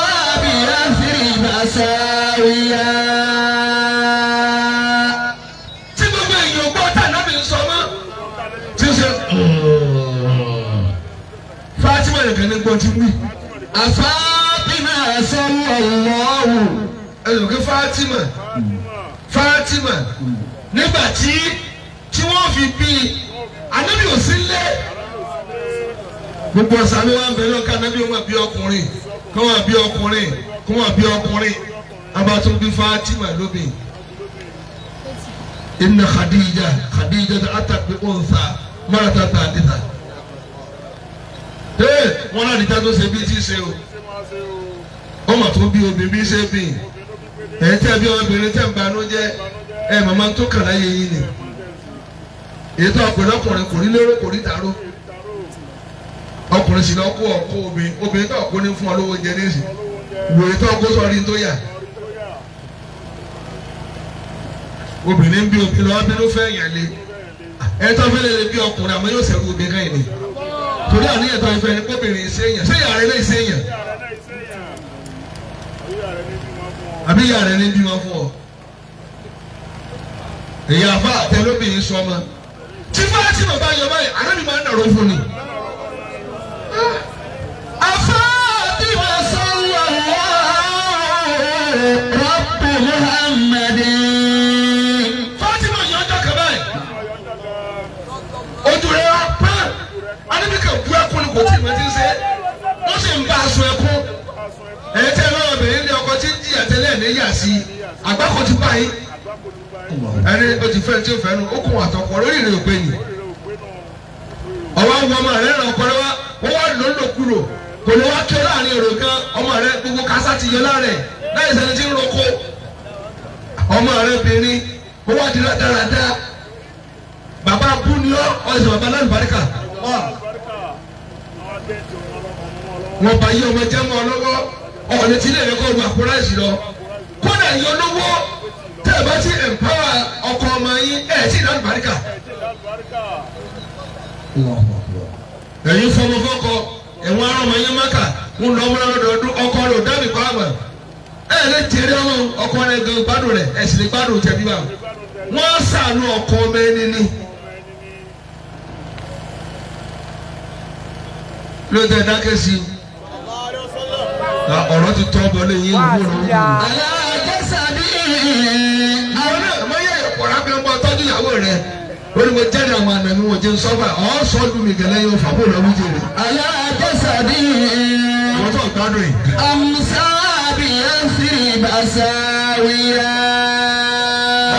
bí rafi masáwìyà. tí gbogbo èèyàn gbọ́ tà náà mi sọ mọ́ tí ó ṣe. Fatima nìkan ní gbọ́ ti wí. àfáàbí máa sọ wọ́n lọ́wọ́ ẹ̀rọ kí Fatima Fatima nígbà tí tí wọ́n fi bí anábì ò sí lé gbogbo ọ̀sàmì wa ń bẹ lọ́ka anábì wọn bí ọkùnrin kí wọ́n bí ọkùnrin kí wọ́n bí ọkùnrin abatún bí Fatima lóbi inna Khadija Khadija ta atakpe onsa mara ta ta adita ee eh, wọn náà níta tó ṣe bí tí ṣe o ọmọ tó bí obìnrin bí ṣe bí ẹ̀yin tẹ́ bí ọmọbìnrin tẹ́ ń banú jẹ́ ẹ màmá tó kàn láyé yìí ni èyí tó ọkùnrin ọkùnrin kò rí lérò kò rí tàró ọkùnrin sì lọ kó ọkọ obìnrin obìnrin tó ọkọ ní fún ọ lówó jẹ nísì wòye tó ọkọ sọ rí tó yà obìnrin bí obìnrin lọ́wọ́ bínú fẹ́ yàn lé ẹni tó fẹ́ lè lè bí ọkùnrin àmọ́ yóò sẹ́kù obìnrin kan yìí ni torí àníyàn tó ń fẹ́ ni kóbìnrin ṣéyàn ṣéyàn rẹ lè ṣéyàn. àbí ìyá rẹ ní bímọ fún ọ èyí àfa àtẹlóbìnrin sọ ọmọ tí Fátímà bá yọ báyìí àná mi máa ń dàrú fún ni. afa bímọ sọ́wọ́ rọ́pò Muhammadi. Fátímà yọ ọjọ́ kan adébíkà bu ẹkún ni kò tí ì mọ̀ ti ń ṣe wọ́n sì ń bá aṣọ ẹkún. ẹ̀yin tẹ́ lọ́wọ́ obìnrin ní ọkọ tí ń jìyà tẹ́lẹ̀ ní yà sí àgbákò ti bá ẹni o ti fẹ́ tí o fẹ́ nu ó àtọkọ lórí rẹ̀ òpè ni ọwọ́ ọmọ rẹ̀ ọkọ rẹ̀ wá wọ́n wá lò lò kúrò kò ní wá kí láàrin èrò kan ọmọ rẹ̀ gbogbo kásá ti láàrẹ̀ láì tí ń roko ọmọ rẹ̀ ó wá di bàbá bú ọ̀nà tí lè ẹ̀kọ́ ọdún àkúráìsì lọ kódà ìyọ lówó tẹ́ ẹ bá ti empower ọkọ ọmọ yín ẹ̀ tí ìdáhùn bàríkà. fọmọ fọkọ ẹ̀wọ̀n ọmọ yín mọ́kà ń lọ ọkọ rẹ̀ ò dábì pàmò ẹ̀ lè ọmọ ọkọ rẹ̀ gan gbádùn rẹ̀ ẹ̀ sì lè gbádùn ọ̀rọ̀ ti tọ́ bọ́ lẹ́yìn ìwúrò. alájẹsàbí àwọn náà jẹ́rìí àwọn àna mi jẹ́ nsọ́gbà ọ̀ sọ́ dùn mí gẹ́lẹ́ yóò fà bóòlù ọ̀hún jèrè. alájẹsàbí wọ́n tó gbádùn yìí. àmúṣàbí ẹ̀sìn ìbáṣàwìyà.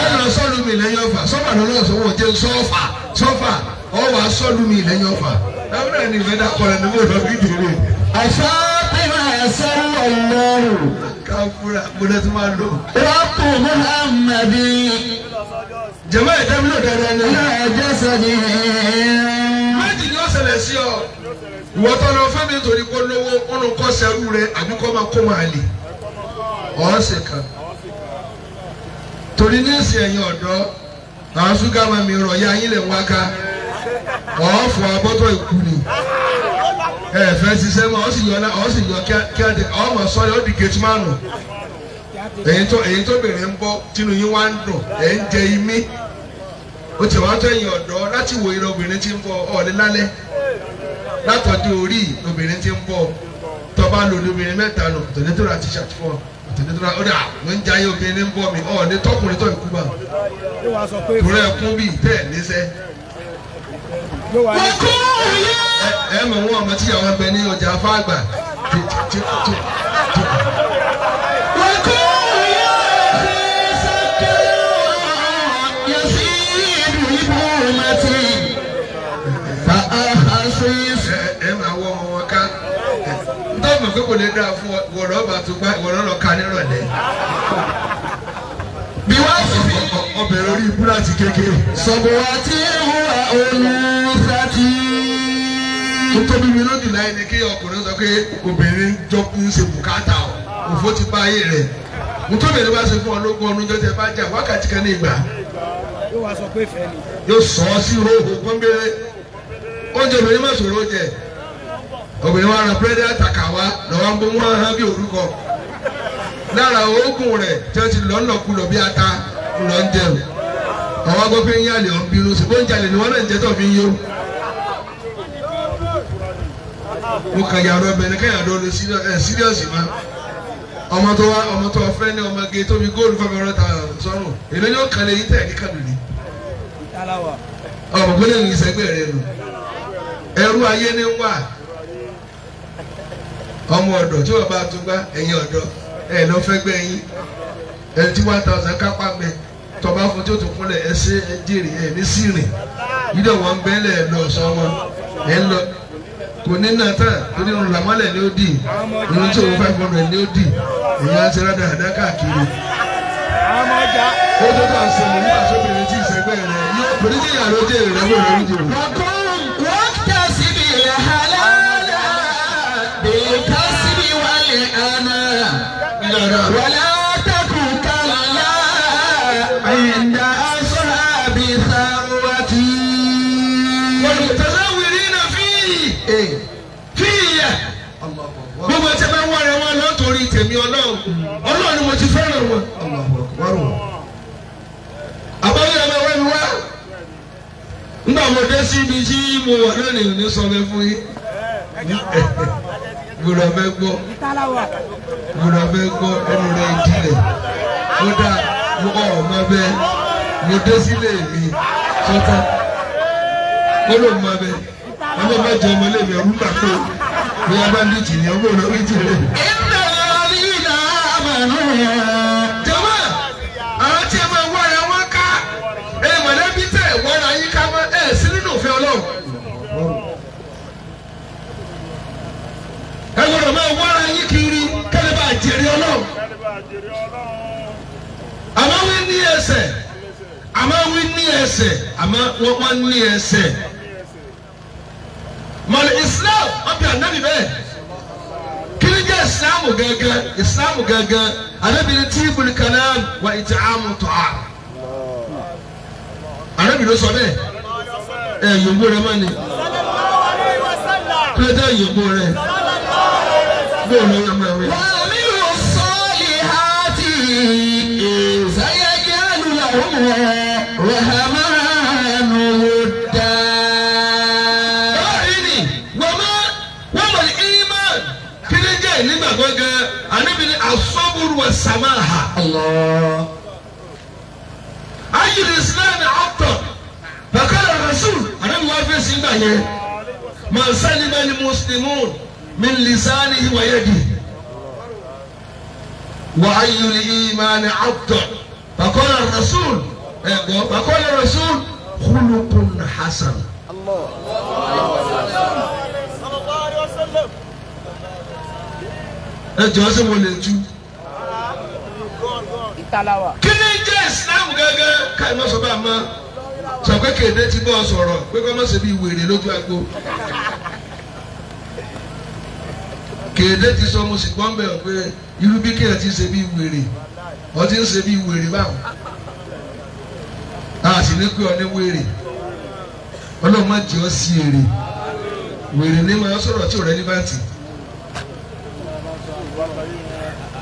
ọ̀nà sọ́dún mi lẹ́yìn ọ̀fà sọ́fà lọ́lọ́ sọ́wọ́ jẹ́ sọ́fà sọ́fà ọ̀wà sọ́dún mi lẹ́yìn ọ̀fà. táwọn náà ìfẹ́ dàpọ̀ rẹ̀ ní mo lọ bí dèrè. àṣà sọ́rọ̀ lọ́rùn. káfúrà gbọ́dọ̀ tí máa lò. rọ́pù muhammadu. jẹ̀mọ́ ìdámilò dandan ni. náà jẹ́sọ̀ ni. méjì ni ó ṣẹlẹ̀ sí ọ. ìwọ tó lọ fẹ́mi torí kó lówó ọ̀nà kọ́ sẹ́rù rẹ àbí kọ́ máa kó máa lè. ọ̀ọ́sẹ̀ kan. torí ní ìsìn ẹ̀yìn ọ̀dọ́ àwọn ṣúgà máa mi ẹ fẹ́ ṣiṣẹ́ mọ́ ọ sì yọ ọ sì yọ kíá ọmọ sọ́yọ́ ó di gẹ̀tìmánù èyí tó èyí tó bèrè ń bọ́ tínú yín wá ń dùn ẹ̀ ń jẹ imí ó ti wá tẹ̀yìn ọ̀dọ́ láti wo irun obìnrin tí ń bọ̀ ọ̀lẹ́ lálẹ́ látọ̀dún orí obìnrin tí ń bọ̀ tọ́ba lò ní obìnrin mẹ́ta lò tòlétòrà ti ṣàtúfọ̀ tòlétòrà ó dà ló ń jayé obìnrin ń bọ̀ mi ọ̀lẹ́ tọkùnrin tó ikú bá kúrẹ́ kún bíi tẹ̀ níṣẹ́. wọ́n kọ́ ọ̀yẹ́. ẹ mọ̀ wọn ọmọ tí ìyàwó ẹgbẹ́ ní ọjà fáàgbà. pé kò lè fún wọ̀rọ̀ ọba tó gbá wọ̀rọ̀ lọ ka nírọ̀lẹ́. Bí wọ́n sì fi ọbẹ̀ lórí ibú ti kékeré. Sọ̀bùwà tí ń hùwà olú. tó bí mi lónìí láyé ni kí ọkùnrin sọ pé obìnrin jọ ń ṣe bùkátà o òfó ti bá ayé rẹ̀ ntọ́bẹ̀rẹ̀ bá ṣe fún ọlọ́gbọ́n ọdún tó tẹ bá jà wákàtí kan ní ìgbà. yóò sọ sí roho gbọ́ngbére oúnjẹ obìnrin má sòrò oúnjẹ obìnrin wa ra pẹ́ẹ́dẹ́ àtàkà wa lọ́wọ́ ń bọ́ wọ́n hán bí orúkọ lára oògùn rẹ̀ tí wọ́n ti lọ́nàkulọ̀ bí ata lọ́ ń jẹun àwọn ń yàlẹ̀ ọ̀ ń bínú ṣùgbọ́n mo kàn yàrá obìnrin kẹ́yàn àdó síríọ̀sì eh, má ọmọ tó wá ọmọ tó wá fẹ́ ní ọmọ tó tóbi góòlù fún ọmọ ta sọ́run èlé yóò kàn lè yí tẹ̀ ní kàdùnì. ọmọ gbọ́dọ̀ ayé ni wà ọmọ ọ̀dọ̀ tí wọ́n bá gbá ẹ̀ lọ fẹ́ gbẹ́ yín tí kápá gbẹ tọba fún tí o tún ẹ̀ ṣe ẹ̀ kò ní nà tán kò ní rùn làmọ́lẹ̀ ni ó dì irun tí òun five hundred ni ó dì èèyàn ti rádà àdá káàkiri. ó tó tó àṣẹ mọ̀ nípa sóbìnrin tí ìṣẹ́gbẹ́ rẹ̀ yóò pèrè ní ìyàrá ojú èrè rẹ̀ wọ̀nyí ojú rẹ̀. ọkùnrin wọ́n tẹ̀ síbi ìhàlá bèèkà síbi wàlẹ̀ àná wàlẹ̀. síbi tí mo wà lónìí ò ní sọ fẹ́ fún yín gbọ́dọ̀ fẹ́ gbọ́ gbọ́dọ̀ fẹ́ gbọ́ ẹnu rẹ̀ ìdílé kódà mo ọmọ bẹ́ẹ̀ mo dé sílé mi sọ́tà ó mọ bẹ́ẹ̀ ọmọ bá jẹ ọmọ lè mi ọdún gbà pé bí a ń dìtì ní ọgbọ́n ọ̀nà wíjì rẹ̀. ìgbà wọn ìdá àbànú yẹn. àmọ́ ni ní ẹsẹ̀ àmọ́ wọ́n ní ẹsẹ̀ àmọ́ wọ́n ní ẹsẹ̀ mọ̀lẹ́ Islam ọ̀bí ànábì bẹ́ẹ̀ kiri Islamu Islam Islamu Islam gẹ́gẹ́ ni ní tíìbù kalam wa iti amu tó a ànábì ló sọ bẹ́ẹ̀ ẹ̀ yòówó rẹ̀ mọ́ni kúlẹ̀ tẹ́ yòówó rẹ̀ bóòlù ọ̀yọ́ سيجعل لهم الرحمن ودا báyìí wọ́n mọ wọ́n mọ ìmọ̀ kí ni jẹ́ ìnígbàgbọ́ gan Ànábì ní asọ́bùrù wà sàmáhà. ayé ní Islam ọ̀tọ̀ rasul Ànábì wà fèsì gbà yẹn màsánimẹ́ni mùsùlùmù mi lìsánì ìwà yẹ́dì. وأي الإيمان عبد فقال الرسول فقال الرسول خلق حسن الله ẹ jọ ṣe mo lè tu. kí ni jẹ́ Islam gẹ́gẹ́ káyọ̀ má sọ bá a mọ́ sọ pé kéde ti bọ́ sọ̀rọ̀ pé kọ́ má ṣe bí wèrè lójú agbo. kéde ti sọ mo sì gbọ́n bẹ́ẹ̀ pé irú bí kéèyàn ti ṣe bí wèrè ọ ti ń ṣe bí wèrè báwọn a sì ní pé ọ ní wèrè ọlọ́mọ jẹ́ ọ sí èrè wèrè ní máa sọ̀rọ̀ tí ò rẹ́ ní bá ti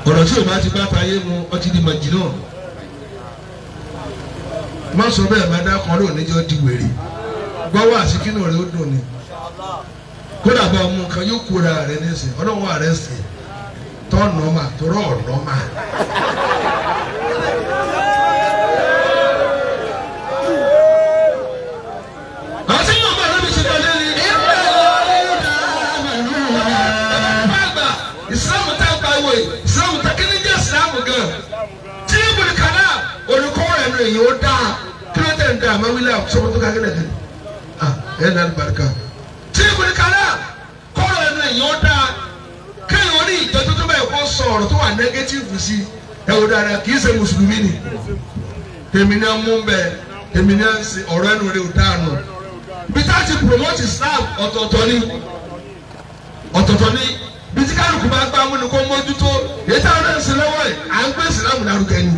ọ̀rọ̀ tí ò bá ti bá tayé mu ọtí di màjì náà má sọ bẹ́ẹ̀ má dákọ̀ ọlọ́run níjọ́ di wèrè gbọ́wọ́ àsìkínú rẹ̀ ó dùn ni kódà bá ọmọ nǹkan yóò kóra rẹ̀ ní ẹsẹ̀ ọlọ́run wà rẹ̀ ẹsẹ̀ tọ́ nọ́mà tọ́rọ̀ nọ́mà. èyí ó dáa kí ló tẹ̀ ń da àmọ́ wílẹ̀ àkóso tó ká kílẹ̀ kan ah ẹ̀ nà ní barika. ọ̀rọ̀ tó wà nẹ́gẹ́tìfù sí ẹ wò dáadáa kì í ṣe mùsùlùmí ni tèmi náà mú bẹ́ẹ̀ tèmi náà ń ṣe ọ̀rọ̀ ẹnu rẹ̀ ò dáa nù bí tá a ti promote Islam ọ̀tọ̀ọ̀tọ̀ ni ọ̀tọ̀ọ̀tọ̀ ni bí tí kálukú bá gbá mú ni kó mójútó èyí táwọn náà ń ṣe lọ́wọ́ ẹ̀ à ń gbé Islam lárugẹ ni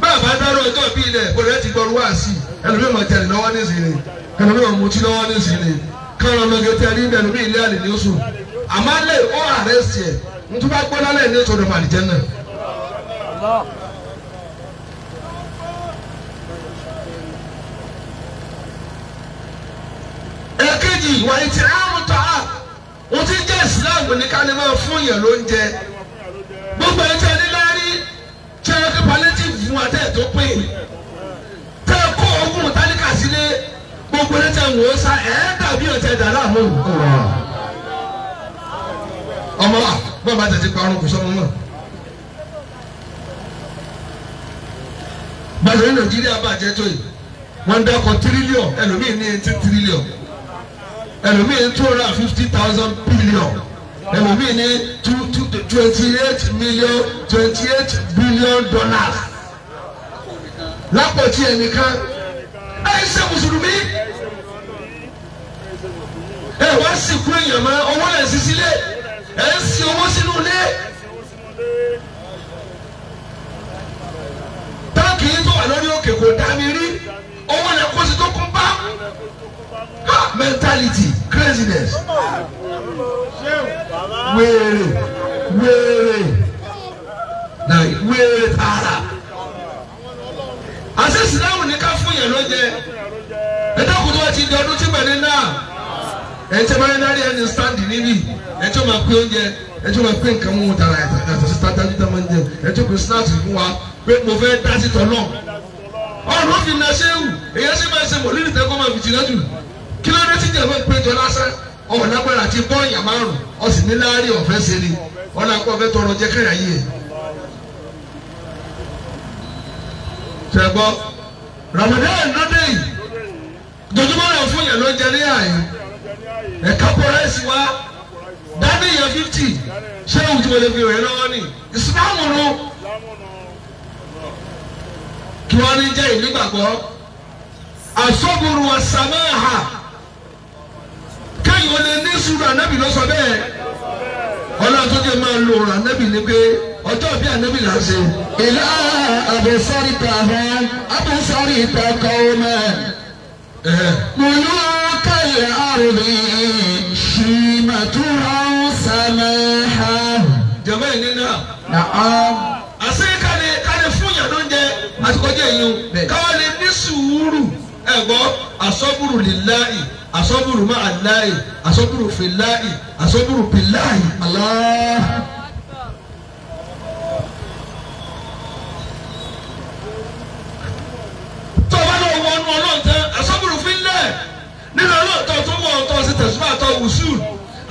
bá a bá dárò ọjọ́ bí ilẹ̀ olè ti gbọ́rú wá sí ẹlòmíràn máa lọ́wọ́ nísìnyí ẹlòmíràn mutí lọ́wọ́ nísìnyí kárọ̀ ní ẹlòmíràn ilé àlè ntúbà gbọ́dọ̀ lẹ́yìn ní ìtòdò màlìjẹ́ náà. èkejì wà ìtì àrùn tó a wọ́n ti jẹ́ Islam ní kálí máa fún yẹn lóúnjẹ gbogbo ẹ̀ tẹ́ ní lárí tẹ́ ẹ kí palliative fún wa tẹ́ ẹ tó pè tẹ́ ẹ kó oògùn tálíkà sílé gbogbo ẹ̀ tẹ́ ń wò ẹ̀ dàbí ọ̀tẹ̀ dàrá mọ́ ọmọ wa bọ́ọ̀ bá tẹ̀sí parun kò sọmọ mọ́. bàtà ní nàìjíríà bàjẹ́ tó yìí wọ́n dákọ̀ tírílíọ̀n ẹlòmíì ní eighteen tírílíọ̀n ẹlòmíì ní two hundred and fifty thousand billion ẹlòmíì ní two two twenty eight million twenty eight billion dollars lápọ̀tì ẹnìkan ẹ̀ ń ṣe mùsùlùmí ẹ̀ wá sìnkú èèyàn mọ́ ọwọ́ ẹ̀ sísílẹ̀ ẹ ń sin owó sínú ilé. táǹkì yìí tó wà lórí òkè kò dá mi rí owó lẹ kó sí tó kún bá mentality craziness wéèrè wéèrè na wéèrè tààrà àṣẹ sinamu ní ká fún yẹn ló jẹ ẹ dákun tó wá ti di ọdún tí pẹ̀lú náà ẹnjẹ bá yẹn dárí ẹni sáńdì níbí ẹnjẹ máa pín oúnjẹ ẹnjẹ máa pín nǹkan mú tààrà yàtọ̀ sí tátájú tá máa ń jẹ ẹnjẹ pín sínáàtì fún wa pé mo fẹ́ dá sí tọ̀ náà ọ̀run fi na ṣéwù èyí ṣe máa ṣe mọ̀lẹ́ nìkan kó máa fi jìnnà jù kí ló dé tí jẹ̀mọ́ péjọ lásán ọ̀hún lágbára àti bọ́ọ̀yà márùn ó sì ní láàárí ọ̀fẹ́ ṣe ni ọ̀nà àpò tọrọ jẹ́ kẹ́yà Ramadan lóde yìí dojúmọ́ rẹ̀ fún yẹn ẹ̀ka kó ráìsì wá dání èèyàn fifty ṣé òun ti wọlé fi rẹ̀ lọ́wọ́ ni ìsìláàmù nu kí wọ́n ní jẹ́ ìnígbàgbọ́ àsọ́gbòrò àsàmáhà kéèyàn lè ní sùúrù ànábì ló sọ bẹ́ẹ̀ ọlọ́run tó dé máa lo ọ̀rọ̀ ànábì ni pé ọjọ́ bí ànábì là ń ṣe. ìlà àbẹ̀sọ́rí tàbá àbẹ̀sọ́rí tàkọ́ ọmọ mọ̀lúkàlẹ̀ àrùbí. شيمتها سماحة jẹ̀mọ́ ẹ̀ nínú à. àṣé kálẹ̀ kálẹ̀ fún yàrá oúnjẹ àtikọ́jẹ́ yìí káwọn lè ní sùúrù ẹ̀gbọ́ asọ́bùrù lillahi asọ́bùrù máa láì asọ́bùrù fillahi asọ́bùrù billahi Allah. náà tó tó mọ̀ ọ̀tọ̀ sí tẹ̀síwá àtọ̀ wùsùl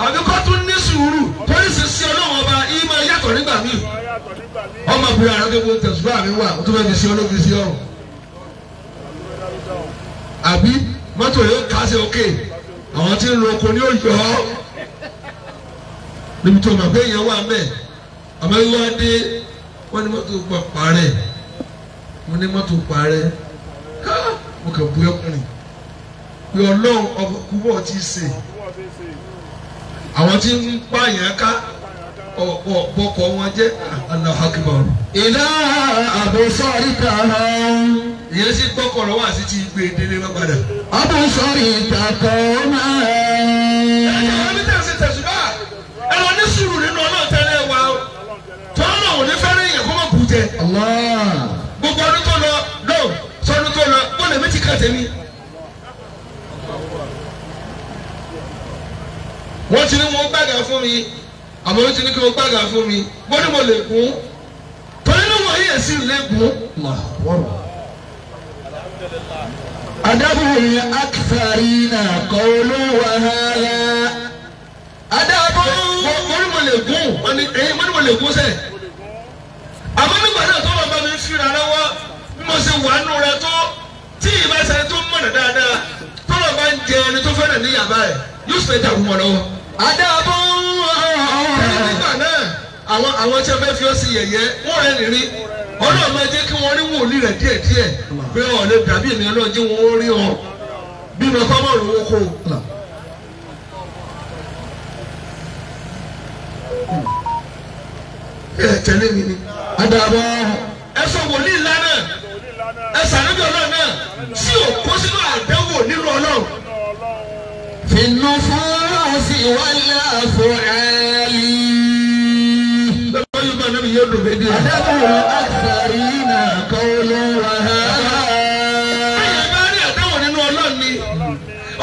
àbí kó tún ní sùúrù pólísì sí ọlọ́run ọba yìí máa yàtọ̀ nígbà míì ọmọ àrùn gbogbo tẹ̀síwá mi wà ó tún bẹ́ẹ̀ fi sí ọlọ́fi sí ọ̀run àbí mọ́tò yóò kásẹ̀ òkè àwọn tí ń lo oko ní òyìnbó níbi tó mọ̀ pé èèyàn wà mẹ́ àmọ́ ìwà dé wọ́n ní mọ́tò pa parẹ́ wọ́n ní mọ́tò parẹ́ mo kàn bú ẹkùnrin. pé ọlọ́run ọkùnrin ti se àwọn tí ń pààyàn ká ọ̀pọ̀ bọ́kọ̀ wọn jẹ́ Allahu Akbar. ìlà àbòsọ̀rí kàrán. ìyẹn sì gbọ́kọ̀ lọ́wọ́ àti ti gbé e délé wọn padà. àbòsọ̀rí kàkọ́ máa. gbogbo ọdún tó lọ lọ sọdún tó lọ ti wọ́n ti ní wọ́n gbàgà fún mi àmọ́ wọ́n ti ní kí wọ́n gbàgà fún mi wọ́n ní mo lè kún torí ní wọ́n yẹ̀ sí lè kún. adábòhùn akitari na kọ́ọ̀lù wàhálà. adábòhùn wọ́n ní mo lè kún wọ́n ní mo lè kún sẹ́ẹ̀. àmọ́ nígbà náà tó bàbá mi fi rárá wá bí mo ṣe wà nù rẹ tó tí ìbáṣẹ tó mọ̀nà dáadáa tó lọ́ọ́ bá ń jẹ ẹni tó fẹ́ràn níyàbá ẹ̀ yóò fẹ́ dàrú wọn lọ́wọ́ adáàbò nígbà náà àwọn àwọn tí a fẹ́ fi ọ́ sí yẹ̀yẹ́ wọ́n rẹ̀ nìrí ọlọ́run máa jẹ́ kí wọ́n rí wòlíì rẹ̀ díẹ̀ díẹ̀ pé ọ̀ lè dàbí èmi ọlọ́run jẹ́ wọ́n rí ọ bí mo kọ́ mọ̀ lówó kó. ẹ tẹ̀lé mi ni adáàbò ẹ sọ wòlíì ńlá náà ẹ sàlẹ́bí ọlọ́run náà tí ò kó sínú àdánwò nínú ọlọ́run. fìnnú fún. الناس والعفو علي أدب الأكثرين قول وهذا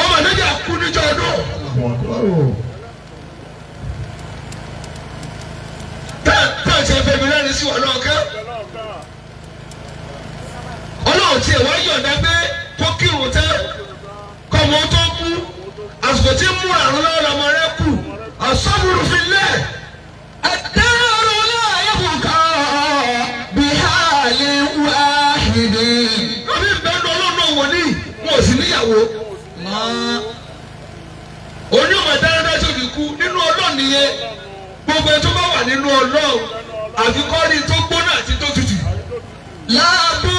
ọmọ níjà kú níjọ ọdún. táà ṣe fèmí lẹ́nu sí wọn náà kẹ́. ọlọ́run tiẹ̀ wá yọ̀ǹda pé kó kírun tẹ́ kọ́mọ kú àsìkò tí mú àrùn lọ́wọ́ lọ́mọ rẹ kù ọ̀sọ́bùrù fi lẹ̀ ẹ̀dẹ́rù láàyè kọ̀ọ̀kan bí hàlẹ́ wá hìdí. lórí ìbẹ́nu ọlọ́run wò ní wọn ò sí níyàwó. oní ọmọ dáadáa tó fi kú nínú ọlọ́run nìyẹn gbogbo ẹ tó bá wà nínú ọlọ́run àfikọ́rí tó gbóná àti tó tutù. láàbù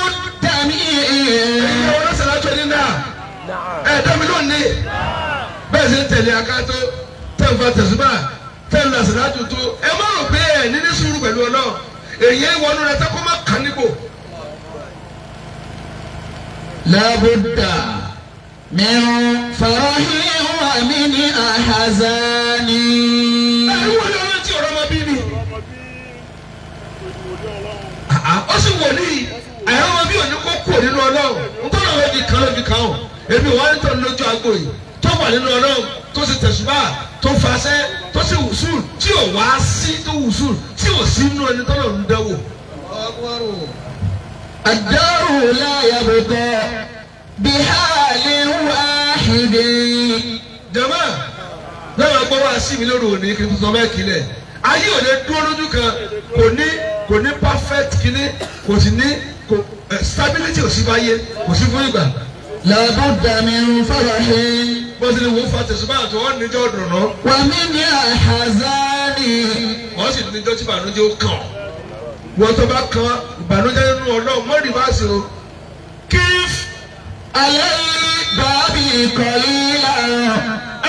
dàmí. ẹ̀yin ọlọ́sẹ̀ látọ̀ nínú ẹ̀ dàmí lónìí bẹ́ẹ̀ ṣe ń tẹ̀lé akátó tẹ̀ ń fa tẹ̀síbà tẹ̀ ń làṣẹ látòtò ẹ má rò pé ẹ níní sùúrù pẹ̀lú ọ náà èyí wọnú rẹ tẹ́kọ́ má kàn níbò. lábùdà mìíràn fàrọ́hìn wà mí ní àhàzáni. ẹni wọlé ọlọ́run tí ọ̀rọ̀ ọmọ bí ni. ó sì wòlíì àyẹ̀wò bí òní kó kú òní lọ́ọ́ náà ń tọ́lọ̀ wọ́n fi fi kàn ọ́ èmi wọ́n á tọ́ lójú àgbo yìí tó wà nínú ọlọ́run tó sì tẹ̀sùbà tó fasẹ́ tó sì wùsùl tí ò wá sí tó wùsùl tí ò sí nínú ẹni tọ́lọ̀ ń dẹ́wò. àdáhù láyà bò tẹ bí hàlì wáhìdì. jama lọ́wọ́ gbọ́ wá sí mi lóru òní kí n sọ bẹ́ẹ̀ kílẹ̀ ayé òde dúró lójú kan kò ní kò ní perfect kíní kò sì ní eh, stability ò sí fáyé kò sí fún ìgbà làbúdà mi ń fọ̀rọ̀ ṣe. bó ti ní wò ó fa tẹ̀sùbá àti wọ́n níjọ́ dùnú. wà mí ní àhàzáàdì. wọ́n sì níjọ́ tí ìbànújẹ́ ó kàn. wọ́n tó bá kan ìbànújẹ́ nínú ọlọ́run mọ́ rìvásì o. kí alẹ́ bàbí ìkọ̀lí làrá.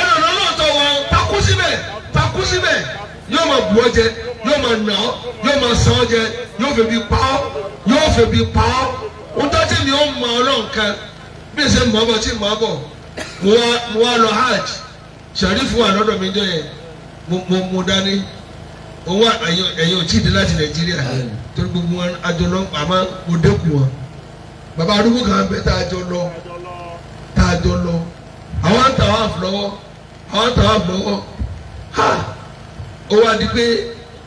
ẹnu ọ̀nà náà tọ̀ wọ́n takú síbẹ̀ takú síbẹ̀ yóò pa ọ́ yóò pa ọ́ ó dájú mi bí ẹsẹ̀ mọ̀ ọ́ tí mọ̀ ọ́ mo wá lọ hajj sharif wà lọ́dọ̀ mi jọ yẹn mo mo dání òun ẹ̀yin ò tí ì dé láti nàìjíríà torí gbogbo wọn àjọ lọ àmọ́ mo dẹ́kun wọn bàbá arúgbó kan bẹ tá a jọ lọ tá a jọ lọ àwọn ń tàwọn àwọn ń tàwọn ha ó wá di pé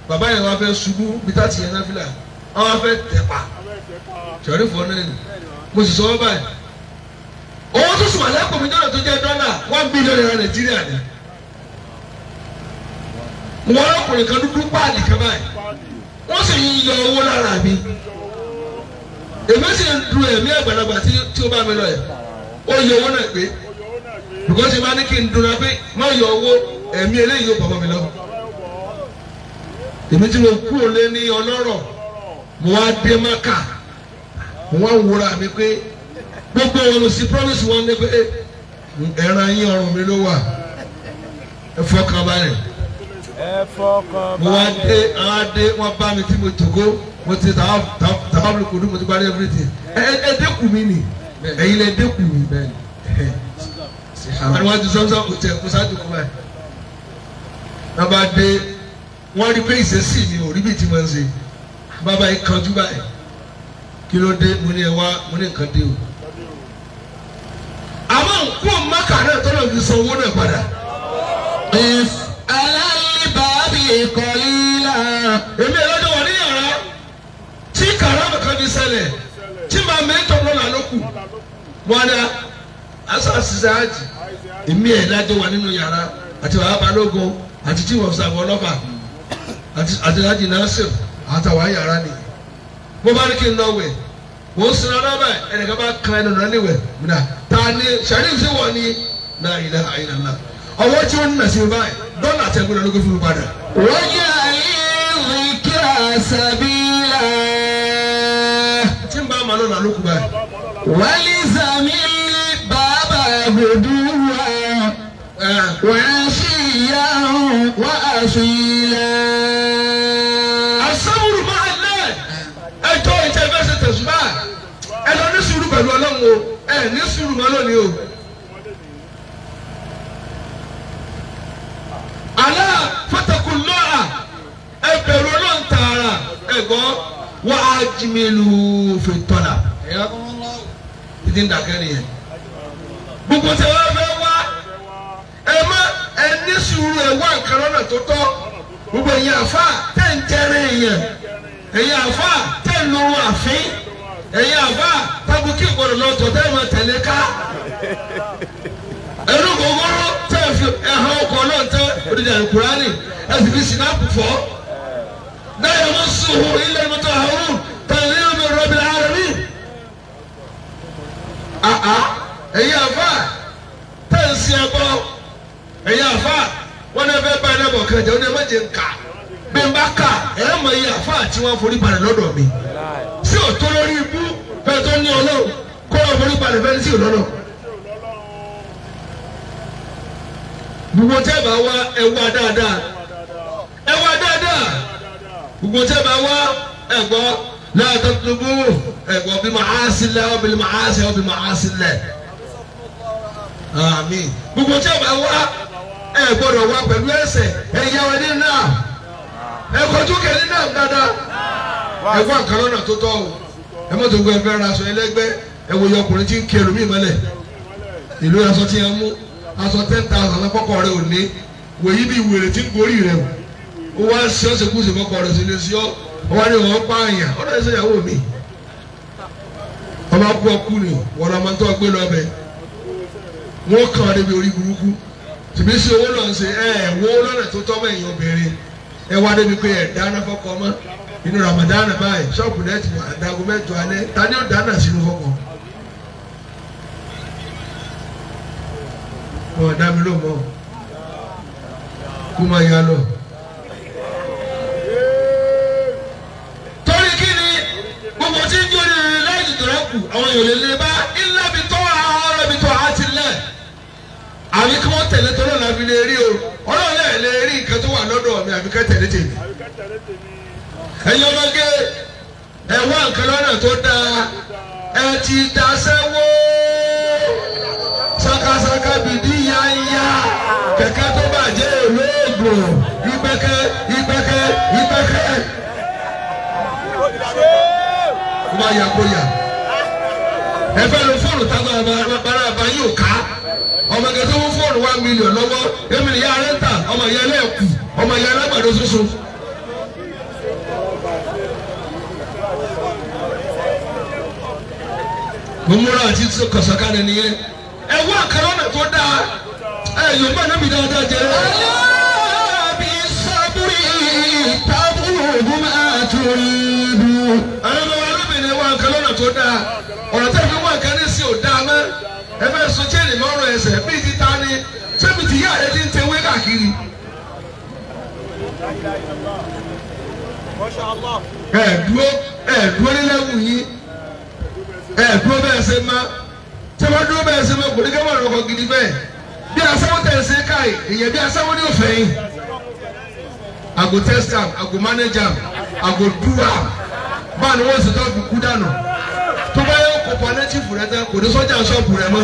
bàbá yẹn wá fẹ́ ṣubú bí tá yẹn náà fìlà àwọn fẹ́ tẹ̀ pa sharif wọn náà ni mo sì sọ ọ́ báyìí owó tó sùn àlẹ́ pòmí dọ́là tó jẹ́ dọ́là one billion naira nàìjíríà ni wọ́n ọkùnrin kan dúdú páàlì kan báyìí wọ́n sì ń yọ owó lára mi èmi sì ń du ẹ̀mí àgbàlagbà tí ó bá mi lọ yẹ ó yọ owó náà gbé because ìbá ní kí n dunra pé má yọ owó ẹ̀mí eléyìí yóò bọ̀ mi lọ èmi tí mo kúrò lé ní ọlọ́rọ̀ mo wá dé maka mo wá wúra mi pé gbogbo olùsí promise wọn ni pé eh, ẹran yín ọrùn mi ló wà ẹ fọkàn balẹ̀ mo wá dé àwọn adé wọn bá mi tí mo tògó mo ti tàbábùlù kò dùn mo ti parí everything ẹ ẹ dẹ́kun mi nì ẹ̀yin lẹ dẹ́kun mi àwọn wájú sọ́nsọ́ kò tẹ̀ kó sáájú kó báyìí wọ́n bá dé wọ́n rí pé ìṣesí mi ò rí bí tí wọ́n ń ṣe bàbá yìí kanjú báyìí kí ló dé mo ní ẹ wá mo ní nǹkan dé o. ama nkú maka náà tó lọ́ọ́ fi owó náà padà. aláàlì bàbí ìkọ̀lì èmi ẹ̀rọ ni yara ní yàrá tí kàrámù kan ti ṣẹlẹ̀ tí màá mẹ́tọ̀ lọ́la ló kù wọ́n dá aṣọ àṣìṣe àjì èmi ẹ̀ lájọ wà nínú yàrá àti bàbá balógun àti tí sàbọ̀ ni wọ́n sinna lọ́bà ẹnìkan bá kan ẹnu nà níwẹ̀ múna tani sàríf sí wọ́n ní la ilaha illallah ọwọ́ tí wọ́n nà sí báyìí dọ́là àtẹ̀gbọ́n náà ló kó fún mi padà. wọ́n yà ayé ìkíra sàbílà. tí n bá ma lọ́nà ló kú báyìí. wálé sàmì bàbá gbòdú wa wàá ṣìyà wàá ṣìyà. ẹ̀yin tẹ́ fẹ́ ṣe tẹ̀sùbá ẹ lọ ní sùúrù pẹ̀lú ọlọ́run o ẹ ní sùúrù mọ́ lónìí o. alá fatakun lọ́à ẹ bẹ̀rù ọlọ́run tààrà ẹ gbọ́ wọ́n á jìmìlù fìtọ́là ìdí ń dàkẹ́ nìyẹn gbogbo tẹ wá fẹ́ wá ẹ má ẹ ní sùúrù ẹ wá nǹkan lọ́nà tó tọ́ gbogbo ẹ̀yin àfa tẹ̀ ń jẹ́rìí yẹn ẹ̀yin àfa lóorun àfin ẹ̀yin àbá tábùkì gbọ́dọ̀ lọ tọ̀ tẹ́ ìmọ̀ tẹ̀lé ká ẹnu gbogbooro tẹ́ ẹ fi ẹ̀hán ọkọ̀ náà tẹ́ òdìdí àkùránì ẹ sì fi sinapu fọ́ náírà mú sùhù ilé mi tó àrùn tẹ̀lé mi rọ̀bì àrùn àá ẹ̀yin àbá tẹ́ ẹ sí ẹ bọ́ ẹ̀yin àbá wọn náà fẹ́ bá ẹ náà bọ̀ kẹjọ ọ náà má jẹ nǹkan bí n bá kà ẹ mọ iye àfáà tí wọ́n forí balẹ̀ lọ́dọ̀ mi sí òtó lórí ibú fẹ́ẹ́ tó ní ọlọ́run kó lọ forí balẹ̀ fẹ́ẹ́ sí òlọ́lọ́. gbogbo tẹ́ bá wá ẹ wá dáadáa ẹ wá dáadáa gbogbo tẹ́ bá wá ẹ gbọ́ láàtọ̀ tó gbówó ẹ gbọ́ bí màá sílẹ̀ ọ́ bí màá sílẹ̀ ọ́ bí màá sílẹ̀ àmín gbogbo tí bá wá ẹ gbọ́dọ̀ wá pẹ̀lú ẹsẹ̀ ẹ yá wa nínú náà ẹ kojú kẹ́lí náà dáadáa ẹ wá nǹkan lọ́nà tó tọ́ o ẹ mọ̀tò gbọ́ ẹgbẹ́ ara aṣọ ẹlẹ́gbẹ́ ẹ wòye ọkùnrin tí ń kí ẹlòmíì mọ́lẹ̀ ìlú aṣọ tí ń mú aṣọ ten thousand lọ́kọ̀kọ̀ rẹ ò wòye bí wèrè tí ń gorí rẹ o ó wá ṣe ọ́ ṣekú ṣe mọ́kọ̀ rẹ sílé sí ọ́ ọ wá ní ọ̀hún pààyàn ọ̀dọ̀ ẹ̀ṣẹ̀ ìyàwó mi ọba kú ọkú ni wọ́n ọmọ tó gbé lọ bẹ́ẹ̀ wọ́n kàn án débi orí burúkú tìbí sí owó lọ́n ṣe ẹ̀ wọ́n lọ́nà tó tọ́ mẹ́yìn obìnrin ẹ wá débi pé ẹ dáná fọkọ mọ inú Ramadan báyìí ṣọ́ọ̀bù náà ti wà dago mẹ́jọ alẹ́ ta ni ó dáná sínú fọkọ. wọn dá mi ló mọ kó máa yá lọ. torí kí ni gbogbo tí ń jó ní láì dìdọ̀rọ̀ kù àwọn èèyàn lè bá ńlá mi tọ́ àbí kí wọ́n tẹ̀lé tó lọ́la fi lè rí o ọlọ́run lè lè rí nǹkan tó wà lọ́dọ̀ mi àbí ká tẹ̀lé tèmi. ẹ̀yin ọmọge ẹ wá nǹkan lọ́nà tó dáa ẹ ti daṣẹ́wó sakasaka bìdí yáyá kẹ̀kẹ́ tó bàjẹ́ olóògùn ìgbẹ́kẹ́ ìgbẹ́kẹ́ ìgbẹ́kẹ́. wọ́n á yà kó yà ẹ fẹ́ lo fóònù tágbà bàrà bá yóò ká ọmọ ẹgbẹ́ tó fún fóònù one million lọ́wọ́ èmi nìyá rẹ́ńtà ọmọ ìyá ẹlẹ́ẹ̀kú ọmọ ìyá ẹlẹ́gbàdo sísun. múmúra àti kọ̀sọ̀kadà nìyẹn ẹ wá tó dáa ẹ yóò bá nàbì dáadáa jẹ. aláàbí sábúrì tábùrù ògùn àtúndù. àwọn ọmọ arábìnrin wá àkàrà tó dáa ọ̀rọ̀ tẹ́lifí wá ẹ fẹ́ sọ chain lọ́rùn ẹsẹ̀ bíi ti ta ni ṣébi ti yá rẹ ti ń tewé káàkiri. ẹ dúró ẹ dúró nílẹ̀ wù yín ẹ dúró bẹ́ẹ̀ ṣe má tí wọ́n dúró bẹ́ẹ̀ ṣe má kò ní kẹ́ wọ́n gidi bẹ́ẹ̀ bí asáwó tẹ̀sí káì èyẹ bí asáwó ní òfẹ́ yìí I go test am I go manage am I go do am báà ni wọ́n ṣe tó kú dànù tó bá yọ kò pọ̀ nẹ́tìfù rẹ tán kò ní sọ́jà ṣọ́ọ̀bù rẹ mọ́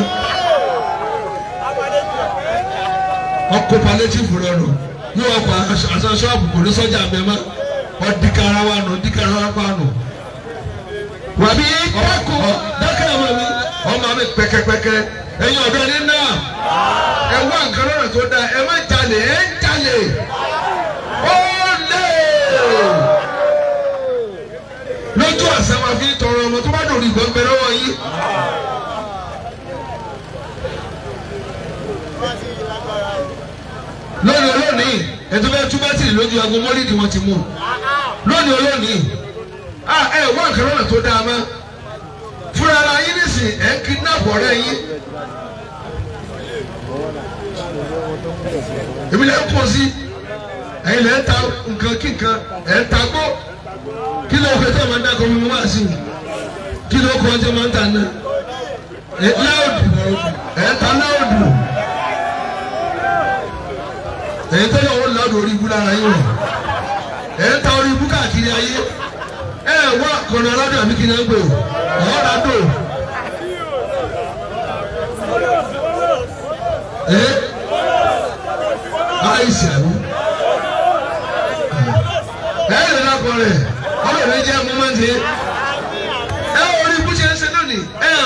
ọkọ̀ palẹ́tìfù rẹ nù yóò ọkọ̀ àṣà ṣọ́ọ̀bù kò ní sọ́jà bẹ́ẹ̀ mọ́ ọ̀dìkara wa nù ọ̀dìkara wa pa nù. wàbí kẹ́kù dákẹ́ ọmọ mi ọmọ mi pẹ́kẹ́pẹ́kẹ́ ẹ̀yin ọ̀dọ́ ni náà ẹ wá nǹkan lọ́rọ̀ tó dáa ẹ má jalè ẹ ń jalè ó lè lójú àṣà wa fi òrìgbò ń bẹ lọ́wọ́ yìí. lónìí olónìí ẹ̀tọ́ bẹ́ẹ̀ tú bẹ́tìrì lójú ago mọ́lídì wọn ti mú lónìí olónìí ẹ wá nǹkan lọ́nà tó dáa mọ́ fúnra ara yín nísìn ẹ̀ ń kidnap ọ̀rẹ́ yín. èmi lè pọ̀ sí ẹ̀yin lè ta nǹkan kíkan ẹ̀ ń ta gbó kí lóò fẹ́ tẹ́ ẹ̀ máa dákọ̀ mímú wá sí i kí ló kọ́ ọjọ́ máa ń tà náà ẹ̀ láòdù ẹ̀ ta láòdù ẹ̀ tó yọ̀ wọ́n láòdù orí ibú lára yín wọ̀ ẹ̀ ń ta orí ibú káàkiri ayé ẹ̀ wá kọ̀nà aládùn àbí kìnìún gbò ọ̀ọ́dà dò ẹ̀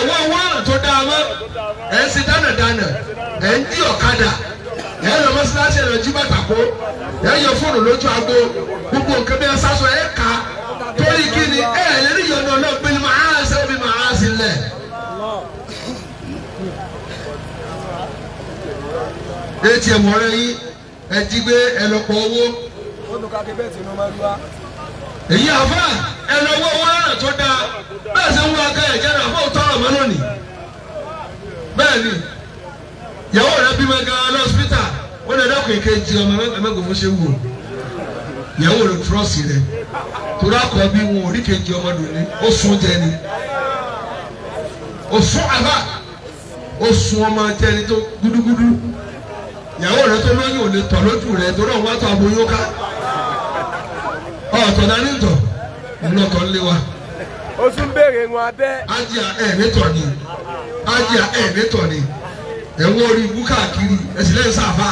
àwọn wọ́n tó dáa mọ́ ẹ̀ ń ṣe dánàdánà ẹ̀ ń dí ọ̀kadà ẹ̀ lọ mọ́ṣáláṣí ẹ̀ lọ jí bàtà kó ẹ̀ yọ fóònù lójú agbo gbogbo nǹkan bí ẹ sásọ ẹ̀ ká torí kí ni ẹ̀ lérí yọ̀nà ọlọ́ọ̀ pé màá ṣe bí màá ṣe lẹ̀. ATM ọ̀rẹ́ yín ẹ jí gbé ẹ lọ pọ̀ owó. ó lù tí inú máa ń wá. èyí àfa ẹ lọ wọ owó tó dáa bẹ́ẹ̀ sì ń wọ aká ẹ̀jẹ̀ náà fún òótọ́ ọ̀mọ́ lónìí bẹ́ẹ̀ ni yàwó rẹ bímọ gan lọ́sítà ó lè dákun ìkejì ọmọ fún ṣe wù rẹ rẹ akọ bí wọn ò kejì ọmọ sun sun ó sun ọmọ jẹni tó gúdúgúdú rẹ tó lóyún ò lè lójú rẹ torí tó ọ̀tọ̀ náà ní tọ̀ ńlọkọ̀ ńlé wa. ó tún béèrè wọn abẹ́. ájìá ẹ̀ nítọ̀ ni ájìá ẹ̀ nítọ̀ ni ẹ̀ ń wọ́n ibú káàkiri ẹ̀ sì lẹ́yìn sáfà.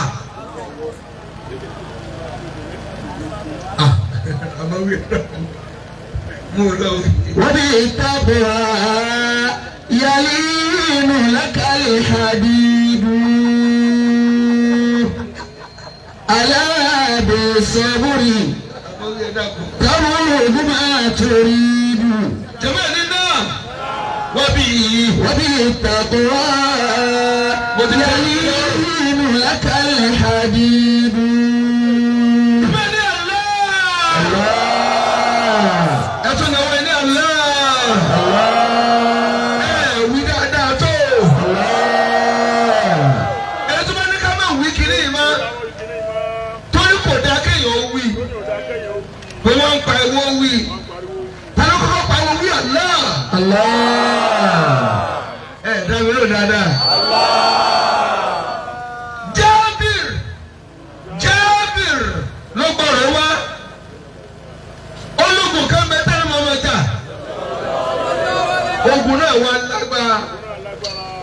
wọ́n ah. ìtàkùrà yàlí inú lákàlẹ̀ hadidu aláàbẹ̀ sọ́bùrì káwọn oògùn máa torí ibù. jẹ́mọ̀ ní náà wọ́n bí wọ́n bí mo ti kọ́ ní inú lákàlẹ̀ hadith.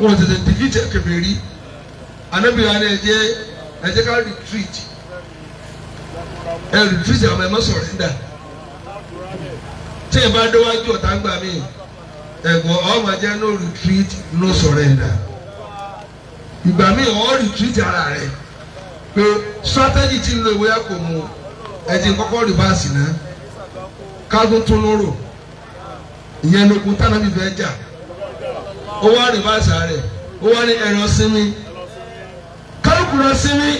wọn tètè dìfìtì kèfèrí anabi wa ni ẹ jẹ́ ẹ jẹ́ ká retreat ẹ retreat àmọ́ ẹ má surrender tí ẹ bá déwájú ọ̀tá ń gbà mí ẹ̀gbọ́n ọmọ jẹ́ no retreat no surrender ìgbà míì ọ̀ retreat ara rẹ̀ pé strategy ti ń lo ìwé kò mu ẹ̀jẹ̀ kọ́kọ́ rìbáàsì náà kágún tún lóró ìyẹn lókun tánàbí fẹ́ jà ó wá rìn báṣà rẹ̀ ó wá ní ẹran sinmi kálukú lọ sinmi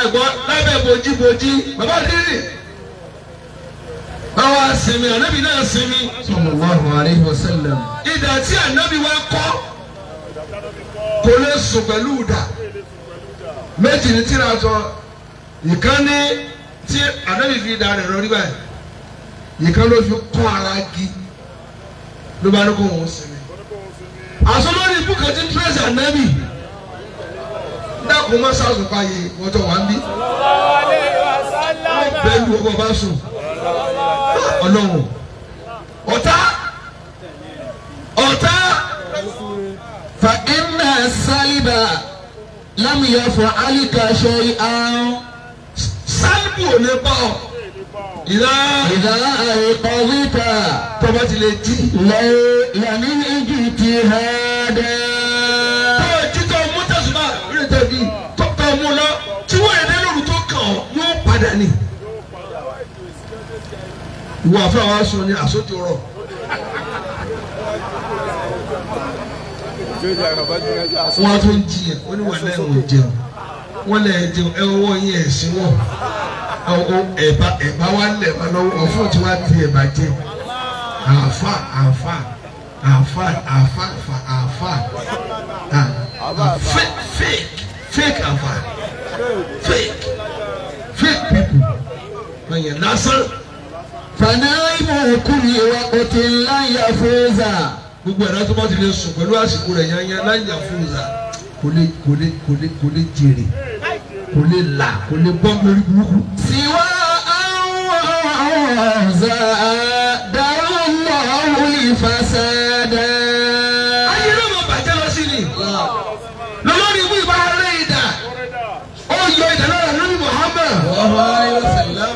ẹ̀gbọ́n lábẹ́ bojíbojí bàbá dírì báwa sinmi ànábì náà sinmi. sallallahu alaihi wasallam. ìdà tí ànábì wa kọ́ kò lè sùn pẹ̀lú ìdà méjì ní tíra sọ ìkan ní tí ànábì fi ìdà rẹ̀ rọrí báyìí ìkan ló fi kọ́ ara gi ló bá ní kó wọ́n sinmi àsọlórí ibùkẹ́tì tírẹ́sì ànábì dákun má sàásùn pààyè wọ́jọ́ wà ń bí. bẹ́ẹ̀ ni wọ́n bá sùn ah, ọlọ́run ọ̀tá ọ̀tá fa iná sálíbà lámìyẹ fún alíkà ṣe ò lè bá ọ ìlà ìlà àìkọ́wíta tọ́ba ti lè jí. lẹ́yìn lànà ìjì ti hà dẹ́. tó o jí tó o mú tẹ̀sùbà rẹ̀ tẹ̀bi tó o mú lọ tí wọ́n yẹn lóru tó kàn ọ́ yóò padà ní. ìwọ àfẹ́ wa sùn ní àsótì rọ̀. wọ́n tún jiyàn ó ní wàlẹ́ ò jẹun wọ́n lè jẹun ẹ ọwọ́ yín ẹ̀ sí wọ́n ẹ̀bá ẹ̀bá wa lẹ̀ ma lọ́wọ́ ọ̀fọ̀ tí wàá ti ẹ̀bá jẹ àfa àfa àfa àfa àfa ah, ah, fake fake fake àfa fake fake people wọ̀nyẹn lásán. fanaimu okuri wa ote láyà fúnza. gbogbo ẹ̀rọ tó bá ti lè sùn pẹ̀lú àsìkò rẹ̀ yányá láyà fúnza kò lè kò lè kò lè kò lè jèrè kò lè là kò lè bọ́ lórí burúkú. siwa awza darallahu li fasada. ayé ló mọ bàjẹ́ lọ sí ni lọ́lọ́rin ibú ìbá rẹ̀ ìdá ó yọ ìdá lọ́la lórí Muhammad.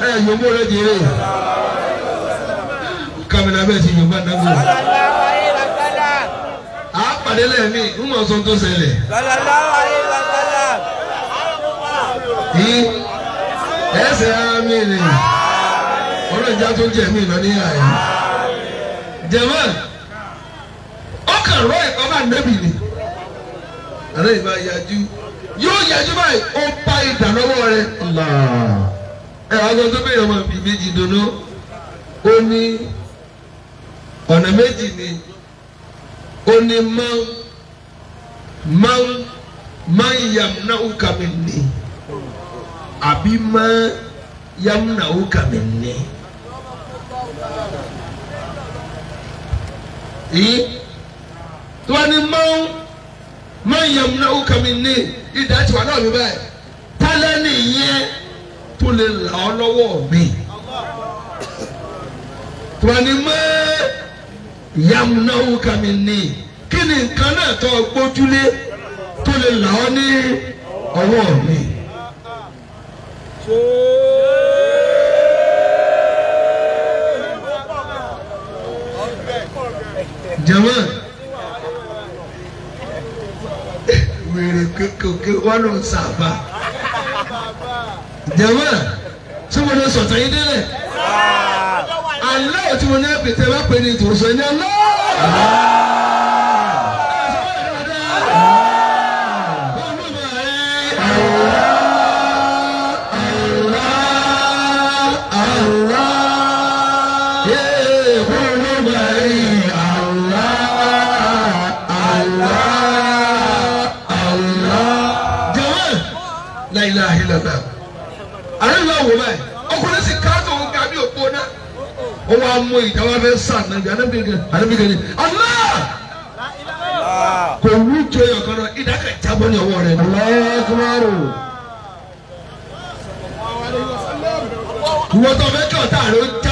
ẹ yòówó rẹ jèrè kamina bẹ́ẹ̀ ti yorùbá nàgbò. a pàdé lẹ́ẹ̀mí ń mọ̀ sọ́n tó ṣẹlẹ̀. lọ́lọ́lá wà ní lọ́lọ́lá yí ẹsẹ̀ àmì ni ọlọ́jà tó jẹ̀ mí lọ ní àyè jẹ̀mọ́ ọkàn rọ ẹ̀kọ́ bá nẹ́bì ni ẹ̀rẹ́ ìbá yájú yóò yájú báyìí ó bá ìdá lọ́wọ́ rẹ̀ ẹ̀ àgọ́ tó bẹ̀rẹ̀ ọmọ bíi méjì dunu ó ní ọ̀nà méjì ni ó ní máa máa máa yàm náà ó àbí má yamnahu kàmí ní. tiwa ni máa má yamnahu kàmí ní ìdá tiwa náà mi báyìí tálẹ́ nìyẹn tó lè là ọ́ lọ́wọ́ mi. tiwa ni má yamnahu kàmí ní kí ni nǹkan náà tó gbójúlé tó lè là ọ́ ní ọwọ́ mi jama wèrè kékeré wọn ló ń sàbà jama tí mo lè sọ̀tàn yín délẹ̀ aláwọ̀ ah. tí mo ní ẹ̀pẹ̀tẹ̀ bá pè ní ìtòsọ̀ ní aláwọ̀. ó wá mú ìjáwá fẹ́ sàn nàbí anábìgẹ ni ọlá kò wú tó yọ kan náà ìdáka ìjábọ̀ ní ọwọ́ rẹ̀ lọ́kùnrò. ìwọ́n tó fẹ́ kí ọ̀tá rẹ̀ ó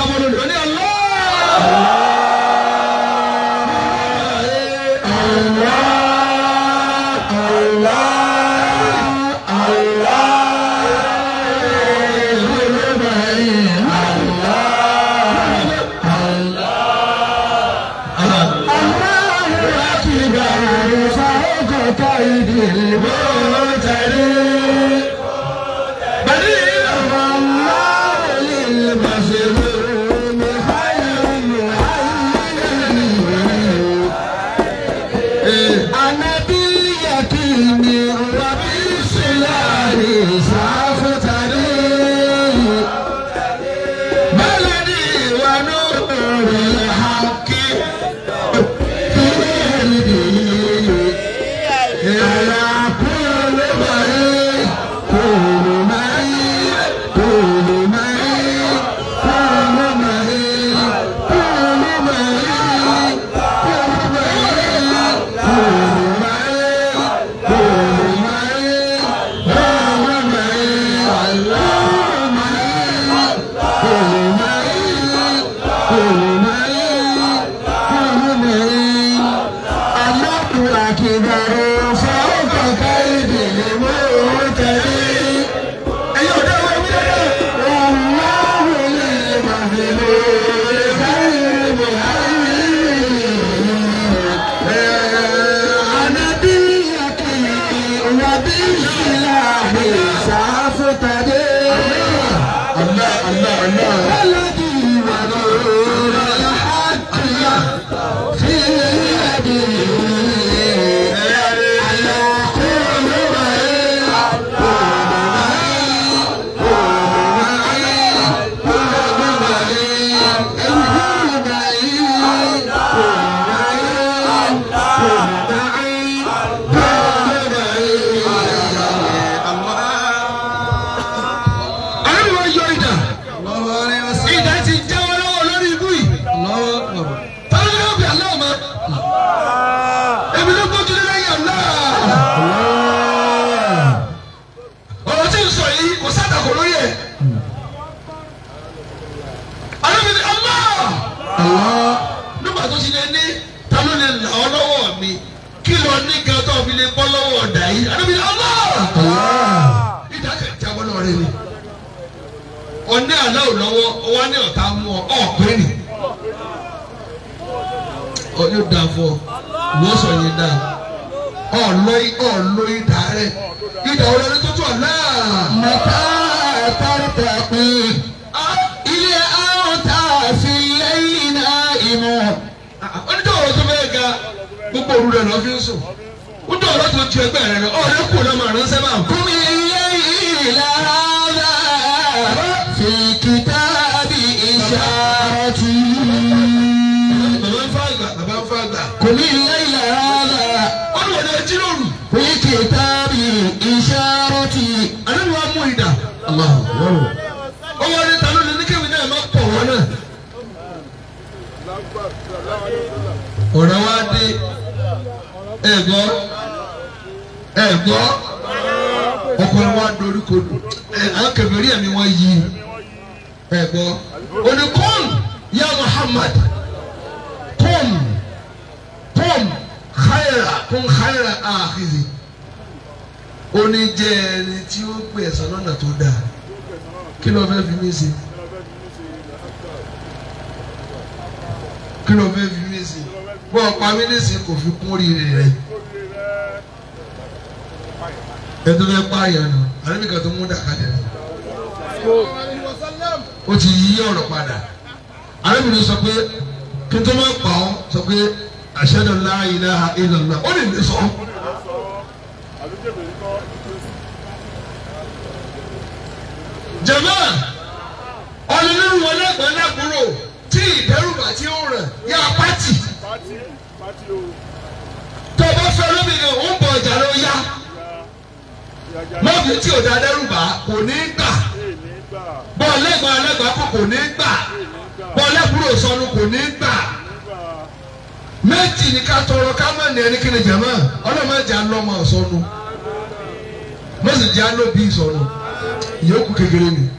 kékeré ni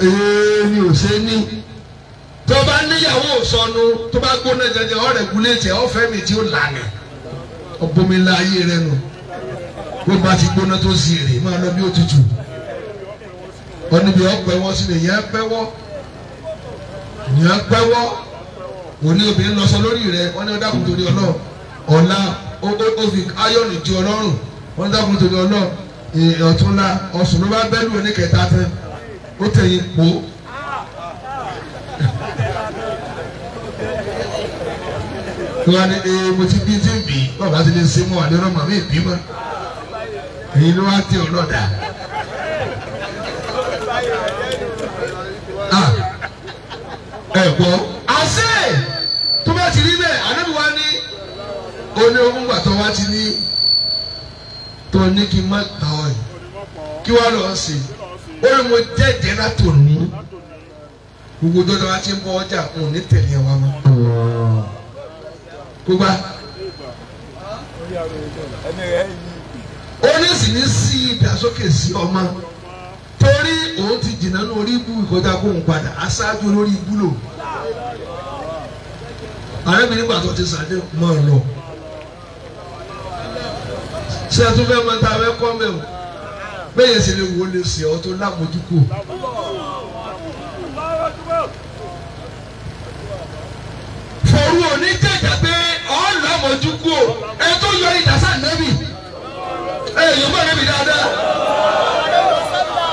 èmi ò ṣe ní tó bá níyàwó sọnù tó bá gbóná jẹjẹ ọ̀rẹ́ gúlé tẹ ọ̀fẹ́ mi tí ó lànà ọbọmílà ayé rẹ nù bó bá ti gbóná tó sì máa lọ bí òtútù ọ̀nìbí ọ̀pẹ̀wọ́ sí ni ìyẹn pẹ́wọ́ ìyẹn pẹ́wọ́ òní obìnrin lọ sọ lórí rẹ wọ́n ní ọ̀dàkùn torí ọlọ́ọ̀ ọ̀la ó fi áyọ̀nù di wọ́n dákun tó lọ ọ̀túnla ọ̀sùn ló bá bẹ́lú oníkẹta tán ó tẹ̀yìn pò. wọ́n ní ee mo ti bí tí ń bì bàbá ti lè ṣe mọ́ àdéhùn ọmọ mi bí mọ́ èyí ló wá tẹ ọlọ́dà. ẹ gbọ́ àṣẹ tó bá ti rí bẹ́ẹ̀ àdébùwá ní oní ogún gbàtọ́ wá ti ní tó ní kí n má gbà ọ́ yìí kí wàá lọ sí ó ní mo jẹ́jẹ́ látò ní gbogbo dọ́dọ̀ wa ti ń bọ́ ọjà òun ní tẹ̀lé wa mọ́ kó bá ó ní sì ní sí ìdásókè sí ọmọ torí òun ti jìnnà ní orí ibú ìkọjá kó ń padà aṣáájú lórí ibú lò àrẹ́bìnrin gbàtọ́ ti sàdé mọ́ ọ lọ ṣé ẹ tún fẹ́ mọ tá a fẹ́ kọ́ mẹ́wò bẹ́ẹ̀ sì ni wo lè sè ọ́ tó lámójúkò. fòru òní jẹjẹ pé ọ lámójúkò ẹ tó yọ ìdásá nẹ́bì ẹ yóò bá nẹ́bì dáadáa.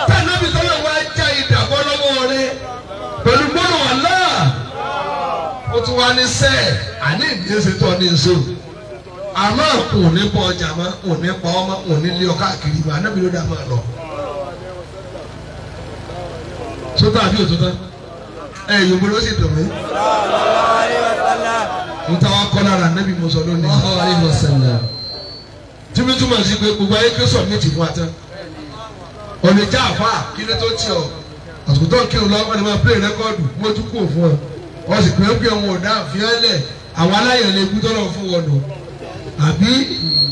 tẹ́lẹ̀bì tọ́lẹ̀ wá já ìdàgbọ́ lọ́wọ́ rẹ pẹ̀lú gbọ́dọ̀ wà náà ó tún wá ní sẹ́ẹ̀ àní ìdíyẹ́sẹ̀ tó ní nsọ́ àmọ́ òní bọ ọjà mọ́ òní pa ọmọ òní lé ọ káàkiri mọ́ anábì ló dá máa lọ. sótó àbí òtótó ẹ yòówó ló sì dùn mí. mo táwọn kọ́ lára anábì mo sọ lónìí. tí mi túmọ̀ sí pé gbogbo ayé kí sọ̀ méjì fún atán ọ̀nìjà àfa kí ló tó tì ọ́ àsìkò tó ń kí olú ọgbọ́n ni máa pè rẹ́kọ́ọ̀dù mo tún kò fún ọ wọ́n sì pé ó gbé wọn ò dá àfihàn àwọn aláyọ̀ gbúdọ̀ lọ fún wọn nù àbí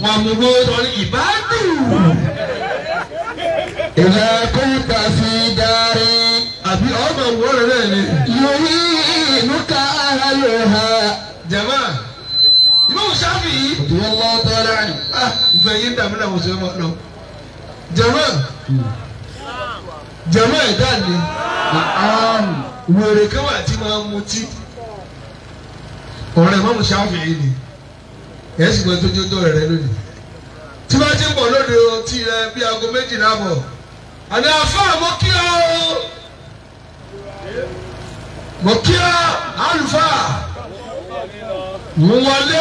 wọn mú ló sọrí ìbádùn. ìlà kúta sí dárí. àbí ọmọ òwúrọ̀ rẹ̀ ni. yorí inú ká ara yóò ha. jama Imam Shafi. òtún wọn lọ tọ́lá ni. Ah, ìfẹ́ yín dàbí náà mo sọ wọn lọ. jama jama ẹ̀dá ni wèrè kan wà máa mutí ọ̀rẹ́ Imam Shafi yìí ni yẹn sì mọ tó jó tó rẹ̀ lónìí tí wọ́n ti pọ̀ lóde o ti rẹ bí aago méjìlá bọ̀ àní àfáà mo kí ọ o mo kí ọ àlùfáà mo wọlé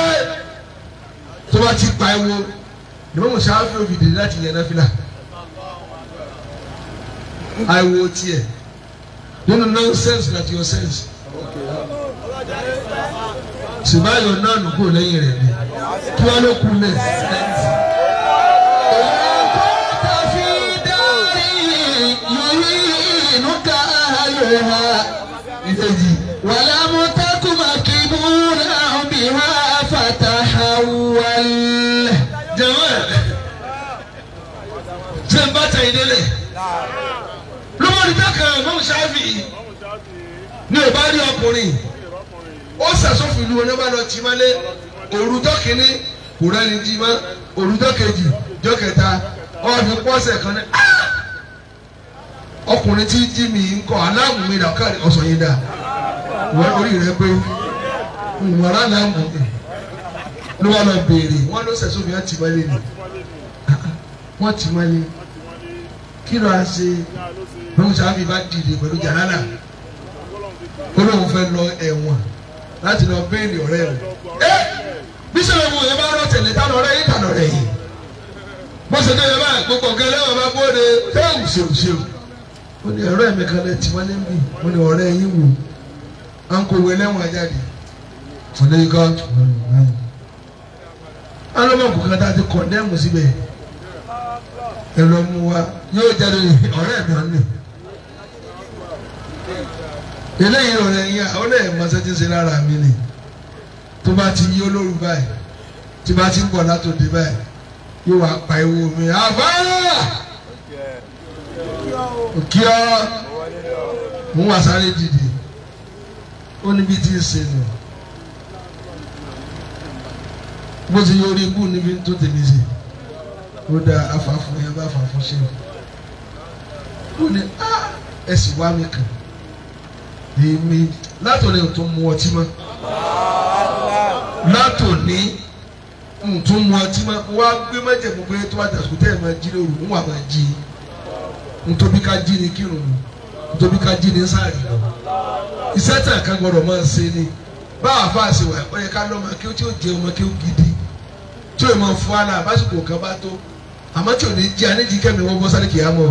tó bá ti pa ẹ wo ni wọ́n mọ̀ sáà fi òfìdè láti yẹn náà fi tiẹ̀ nínú nonsense láti your sense ṣùgbọ́n ayọ̀ náà nù kúrò lẹ́yìn rẹ̀ ni kí wọ́n ló kú lẹ̀. ولم تك مكبونا بها فتحول جمال زنبتا إليه لما ò bá rí ọkùnrin ó sàsófin ìlú onígbà lọ tì má lé òrùjọ́ kínní kò rẹ́ni jí má òrùjọ́ kejì jọ́ kẹta pọ́sẹ̀ kan ní ah! ọkùnrin tí jí mi ń kọ aláàmù mi dà káàdì ọ̀sán yìí dà wọ́n na rẹ pé ìwọ̀n aláàmù mi ló wà lọ béèrè wọ́n ló sẹ̀sọ́ mi wọ́n ti máa lé ni wọ́n ti máa lé kí ló á ṣe lóun sábà bá dìde pẹ̀lú lóun lọ ẹ̀wọ̀n. láti lọ bẹ́ẹ̀lì ọ̀rẹ́ o. ẹ bísọ̀rọ̀ ìwò yẹn bá rọ tẹ̀lé tánà ọ̀rẹ́ yìí tánà ọ̀rẹ́ yìí. bó ṣe déyẹ báyìí gbogbo ọ̀gá ẹlẹ́wọ̀n bá bóde ṣéwù ṣéwù ṣéwù. ó ní ọ̀rẹ́ mi kan lẹ tí wọ́n lé ń bì ó ní ọ̀rẹ́ yín wò á ń kówó ẹlẹ́wọ̀n ajáde. fúnlẹ̀ kan tá a ti kọ̀ndẹ́mù síbẹ̀ ẹ̀rọ mu wa yóò jáde ọ̀rẹ́ mi ọ̀ eléyìí ọ̀rẹ́ yín àwọn ọ̀rẹ́ mọ́sẹ́tì ṣe lára mi ni tó bá ti yí olóru báyìí tí bá ti ń bọ̀ látòdì báyìí yóò wá pa ewu mi àbáyà òkè ọ mú wá sáré dìde ó níbi tí ń ṣe nù bó ti yọrí ikú níbi tó tèmi ṣe ó da afáfún yẹn bá afáfún ṣe ó ní ah! ẹ sì wá mi kàn èmi látòní ò tún mu ọtí mọ́ látòní n tún mu ọtí mọ́ wá gbé mẹ́jẹ̀mú pé tó bá dàsùkú tẹ́ ẹ̀ máa jí lóru ń wà máa jí ntóbi ká jí ni kírun ntóbi ká jí ni sáàrì lọ iṣẹ́ tí àká gbọ́dọ̀ máa ṣe ni báwa fáà ṣe wà ó yẹ ká lọ́mọ kí ó tí ó jẹ ọmọ kí ó gidi tí ó yẹ máa fún wa náà àbásùkò kan bá tó àmọ́ tí ò ní jí aníjì kẹ́mi wọ́n bọ́ sáré kìá mọ́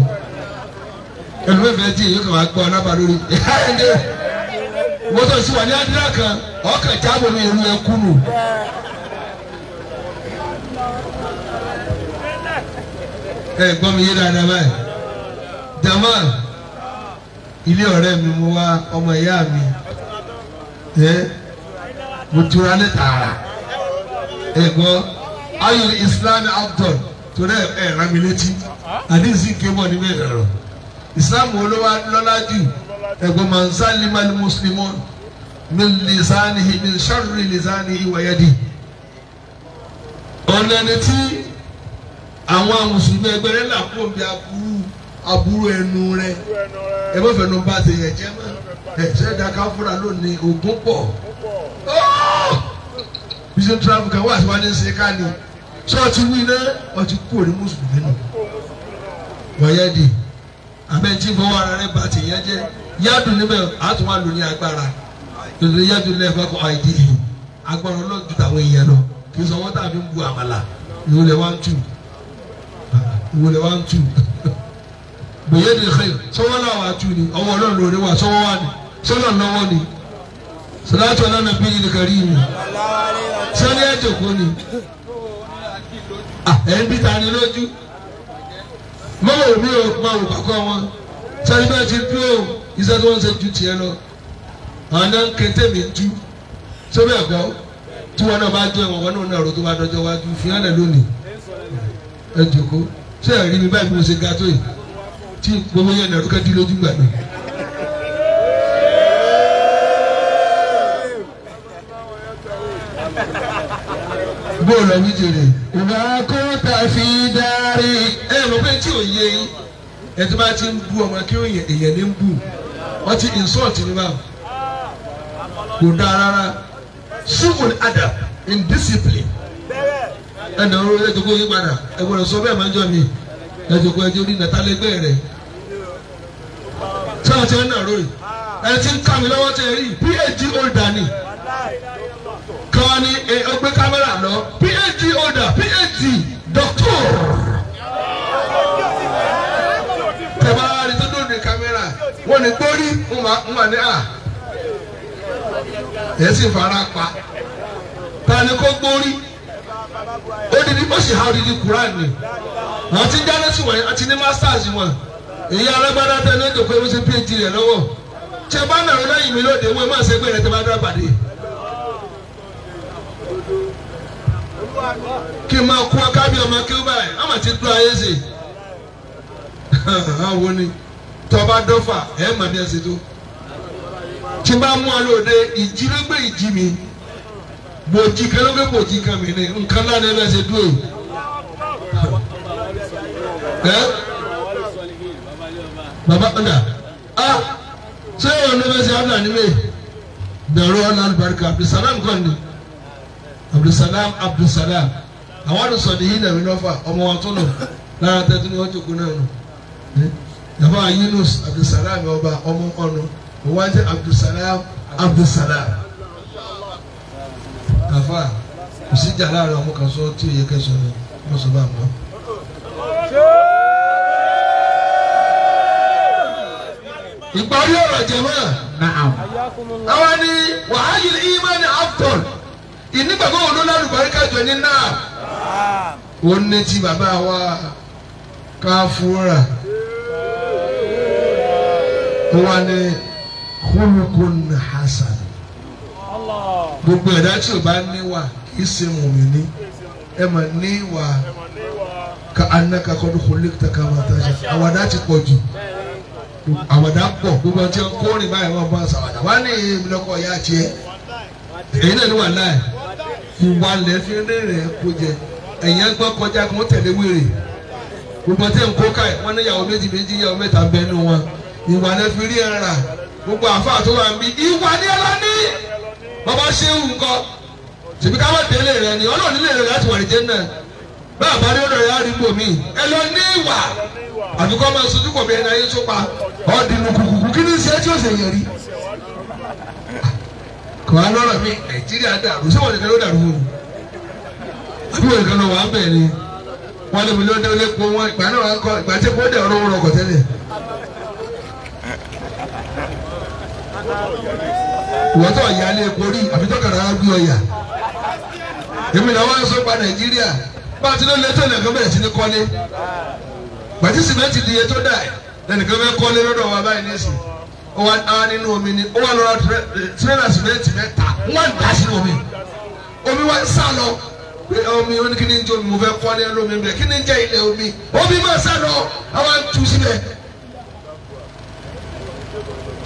ẹlòmíràn fẹ́ jí èyí kan wá gbọ́ ọ lábàá lórí ẹ̀ka ẹ̀ ń dé wọ́n tó sì wà ní àdúrà kan ọkàn jábọ̀ mi ìlú ẹ̀kú nù. ẹ gbọ́ mi yé dáadáa báyìí jama ilé ọ̀rẹ́ mi mo wá ọmọ ìyá mi ẹ mo tura ní tààrà ẹ gbọ́ ayọ̀ Islam abdul torí ẹ rán mi létí àdéhùn sí kébọ̀ níbẹ̀ ẹ̀rọ Islam wo ló lọ́lá jù ẹ̀gbọ́n mansa limali muslimun min lisanihi min sharri lisanihi wa yadi ọ̀nàni tí àwọn mùsùlùmí ẹgbẹ́ rẹ̀ là kó bí aburú aburú ẹnu rẹ̀ ẹ bá fẹnu bá ti yẹ jẹ́ mọ́ ẹ̀jẹ̀ dàka fúra lónìí ogun pọ̀ bísí tíráfù kan wà sí wàá ní ṣe ká ní ṣọ́ọ̀tì wí náà ọtí kú òní mùsùlùmí nù wọ́yẹ́ di àbẹ́ntí fọwọ́ ara rẹ̀ bá ti yẹ jẹ́ yádùn níbẹ̀ àtúmọ̀ lò ní agbára lòdì yádùn nílẹ̀ fẹ́ kọ́ àìdí agbára ọlọ́dún táwọn èèyàn lọ kì í sọ wọ́n tàbí ń bu àmàlà ìwòlẹ̀ wá ń tù ìwòlẹ̀ wá ń tù bẹ̀yẹ́ ní xeyr sọ́wọ́ náà wàá tù ní ọwọ́ ọlọ́run lórí wa sọ́wọ́ wá ní sọ́lọ́ lọ́wọ́ ní sọ́láàtì ọlọ́run bí yìí kárí mi sọ́ni ẹ̀jẹ̀ kò ní ẹ̀ ń bí tani lójú mọ́wòrán mi ò máa wò kọ́kọ́ wọn sọ́ni bẹ́ẹ̀ ti dúró iṣẹ́ tó ń ṣe ju tiẹ̀ lọ àná kété mi ń tú sórí àgbà ó tí wọn náà bá jọ ìwọ̀n wọn náà nàró tó bá dọjọ́ wájú fi hàn lẹ̀ lónìí ẹ jòkó ṣé ẹ rí mi báyìí mo ṣe ga tó yìí tí gbogbo yẹn nàró kẹ́ dín lójú gbà náà. bóòlù ọ̀hún jèrè. ìgbà kó tàfi dárí. ẹ rò pé tí ò yẹ yín ẹ tó bá ti ń bu ọmọ kí èèyàn ní ń bù wọ́n ti insult ní báwọn kò dáa rárá simple adab indiscipline ẹnì ọ̀rọ̀ ẹ̀jọ̀ kó yí padà ẹ̀gbọ́n sọ bẹ́ẹ̀ máa ń jọ mi ẹ̀jọ̀ kó ẹ̀jọ̀ orí nàtàlẹ́gbẹ́ rẹ̀ sáà ti ń nàró yìí ẹ ti ń kà mí lọ́wọ́ tẹ̀ rí phd holder ni kan ni ọgbẹ́ kámẹ́rà lọ phd holder phd doctor. wọn ni gbórí wọn mà ní à yẹn ah, sì fara pa ta ni kó gbórí odidi ó sì ha odidi Quran ni wọn ti dáná sí wọn àti ní masters wọn èyí alágbádá tẹ ní ìdòkó ewu sí phd rẹ lọ́wọ́ tí ẹ bá nàró lẹ́yìn mi lóde wọn máa ṣe gbé rẹ tẹ bá dá pàdé. kí n máa kú kí báyìí i tọba dọ́fà ẹ̀ mà bí ẹ ṣe tó tí bá mú alóde ìjì ló gbé ìjì mi bòjì kan ló gbé bòjì kan mi ní nǹkan náà ni ẹ ṣe dúró ẹ baba ọ̀dà a ṣé ìwọ ní bẹ́ẹ̀ ṣe abúlé àníwé dẹ̀rọ ọ̀nà àlùbáríkà abdulsalam kọ́ ni abdulsalam abdulsalam àwọn àdùsọ̀dì yìí nàmínọ́fà ọmọ wọn tó lọ lára tẹ́tí ni wọ́n jókòó náà nù yàrá Yunus Abdulsalam ọba ọmọ ọnu òwò ajẹ Abdulsalam Abdulsalam kàfà kò sí jà láàrin ọmọ kan sọ tí òye kẹsàn án wọn sọ bá mọ. ìparí ọ̀rọ̀ jẹ̀mọ́ àwọn ni wàhálì imani afton ìnígbàgbọ́ wo ló lálùbárí kájọ ní náà ó ní ti bàbá wa káfúrà ó wá ní kúlùkùn hasan gbogbo ẹ̀dá tí o bá níwà kì í ṣe mùmíní ẹ mà níwà ka anaka kọ́dún kọ́lé taka wà tájà àwàdà ti pọ̀ jù àwàdà pọ̀ gbogbo ọtí kórìn báyìí wọ́n bá ṣàwàdà wà ní ìmìlẹ́kọ̀ ya tiẹ̀ èyí náà ni wà láì ìwà lẹ́fí rẹ̀ kó jẹ ẹ̀yìn agbọ́n kọjá kó tẹ̀lé wèrè gbogbo ọtí nǹkó káyì wọ́n ní yàwó méjì méjì yàwó mẹ́ta bẹ́ẹ̀ nù wọn ìwà lẹ fi rí ẹran rà gbogbo àfáà tó wà ń bí ìwà ni ẹran ní bàbá ṣéwù nǹkan tìbí káwọn délé rẹ ni ọlọ́run nílé rẹ láti wà ní jẹ́ náà bá àbá ní ọ̀dọ̀ rẹ á rí gbò mí ẹ lọ ní ìwà àbíkọ́ máa sojú kò bí ẹni ayé tó pa ọ̀dìnnú kùkùkù kí ni ṣe tí ó ṣe yẹ rí kò á lọ́rọ̀ mi nàìjíríà dàrú sí wọn nìkan ló dàrú wọn àbí wọn nìkan lọ wà á bẹ̀ ni wọn lè mi lọ́dẹ olè po wọn ìgbà náà wọn kọ ìgbà tí kò dẹ̀ ọ̀rọ̀ wọn rọkọ̀ tẹ́lẹ̀ wọ́n tó ọ̀yà lé epo rí àbí tó gbé ọ̀yà èmi náà wọ́n sọ pa nàìjíríà bá a ti ló lé tó nìkan sí ní kọ́lé gbàtí sìmẹ́ntì di iye tó dà ẹ̀ lẹ́nìkan bẹ́ẹ̀ kọ́lé lọ́dọ̀ wa báyìí wà nínú omi ni ó wà lọ́ra sìmẹ́ntì mẹ́ta omi omi wa ń sá lọ pé omi kí ni ń jẹ omi mo fẹ́ kọ́lé lómi bẹ́ẹ̀ kí ni ń jẹ ilẹ̀ omi omi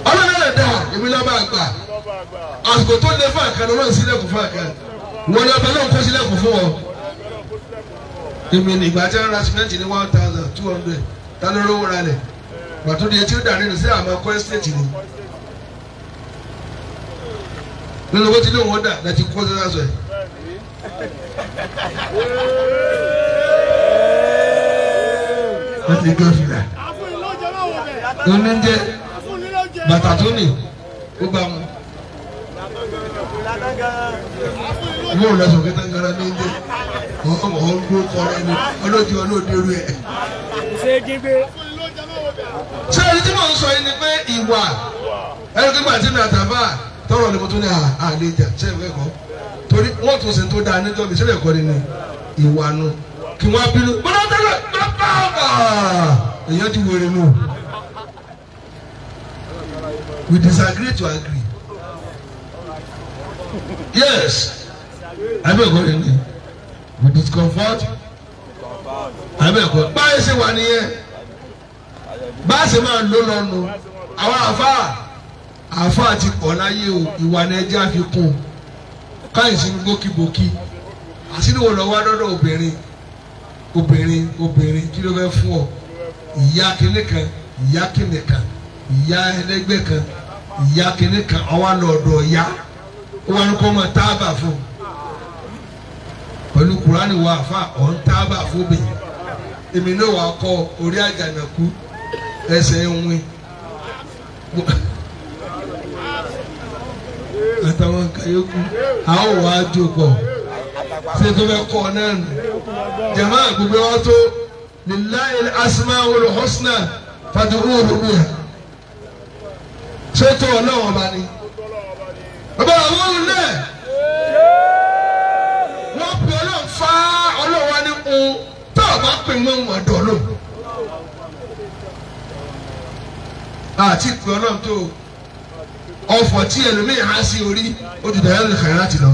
ọlọ́run náà èmi lọ́ba àgbà àsìkò tó lé fún àkànlọ́ náà sílẹ̀kùn fún àkànlọ́ wọn lọ́ba náà kó sílẹ̀kùn fún ọ. èmi ìgbà tí wọ́n ra simẹ́ntì ní one thousand two hundred tani olówó ra lẹ̀ pàtó di etí ó dà nínú sí àmọ́ kọ́ ẹ́sítéètì ni. nínú owó tí ilé wọn dà láti kó sẹ́sà sọ yìí. wọ́n ti gbé fìlà bàtà tó nì ó gbà mú. ìwé ò lọ́sọ̀ kí tangara ní ilé ọmọ ọ̀hún gbó kọ́ra ẹni ọlọ́dún ọlọ́dún rú ẹ̀. ṣé gbígbé. ṣé ẹni tí mò ń sọ yìí ni pé ìwà ẹni kí màtí mi àtàbà tọrọ ni mo tún ní àlejà ṣé ìwé kọ́ torí wọ́n tún ṣe tó dáa níjọ́ mi ṣé ìwé ni ìwà nu kí wọ́n bínú. bọ́dọ̀ tẹ́lẹ̀ bọ́dọ̀ bá ọ̀gá èèyàn ti wèrè nù. We disagree to agree. Yes. Abẹ́ẹ̀kọ́ rẹ̀ ni. We discomfort. Abẹ́ẹ̀kọ́. Báyìí ṣe wà nìyẹn. Báyìí ṣe máa ń lò lọ́nu. Àwọn àfáà àfáà ti pọ̀ láyé o. Ìwà Nàìjíríà fi kún un. Káyìn sínú gbókìbókì. Àsìlówó lọ wá dọ́dọ̀ obìnrin. Obìnrin obìnrin kí ló fẹ́ fún ọ? Ìyá kìnìkan ìyá kìnìkan ìyá ẹlẹgbẹ́ kan ìyá kìnnì kan ọwọ́ lọ́dọ̀ ya ó wà ní kó mọ táàbà fún pẹ̀lú Kùránì wà fà ọ̀ ń táàbà fún bẹ́ẹ̀ èmi náà wà kọ orí àjànàkú ẹsẹ̀ ìwìn àtàwọn kàyókù àwọn wà á jókòó ṣé tó fẹ́ kọ́ náà nù jàmáà gbogbo wọn tó lillahi al-asma'ul husna fad'uhu ṣé tó ọlọ́run ọba ni bàbá àwọn òun náà wọ́n pe ọlọ́run fá ọlọ́run wa ní kun tó o bá pè wọ́n wọ́n dọ̀lọ́ àti ìpè ọlọ́run tó ọ̀fọ̀ tí ẹlòmíì há sí orí ó ti dàrú ní kàràtì lọ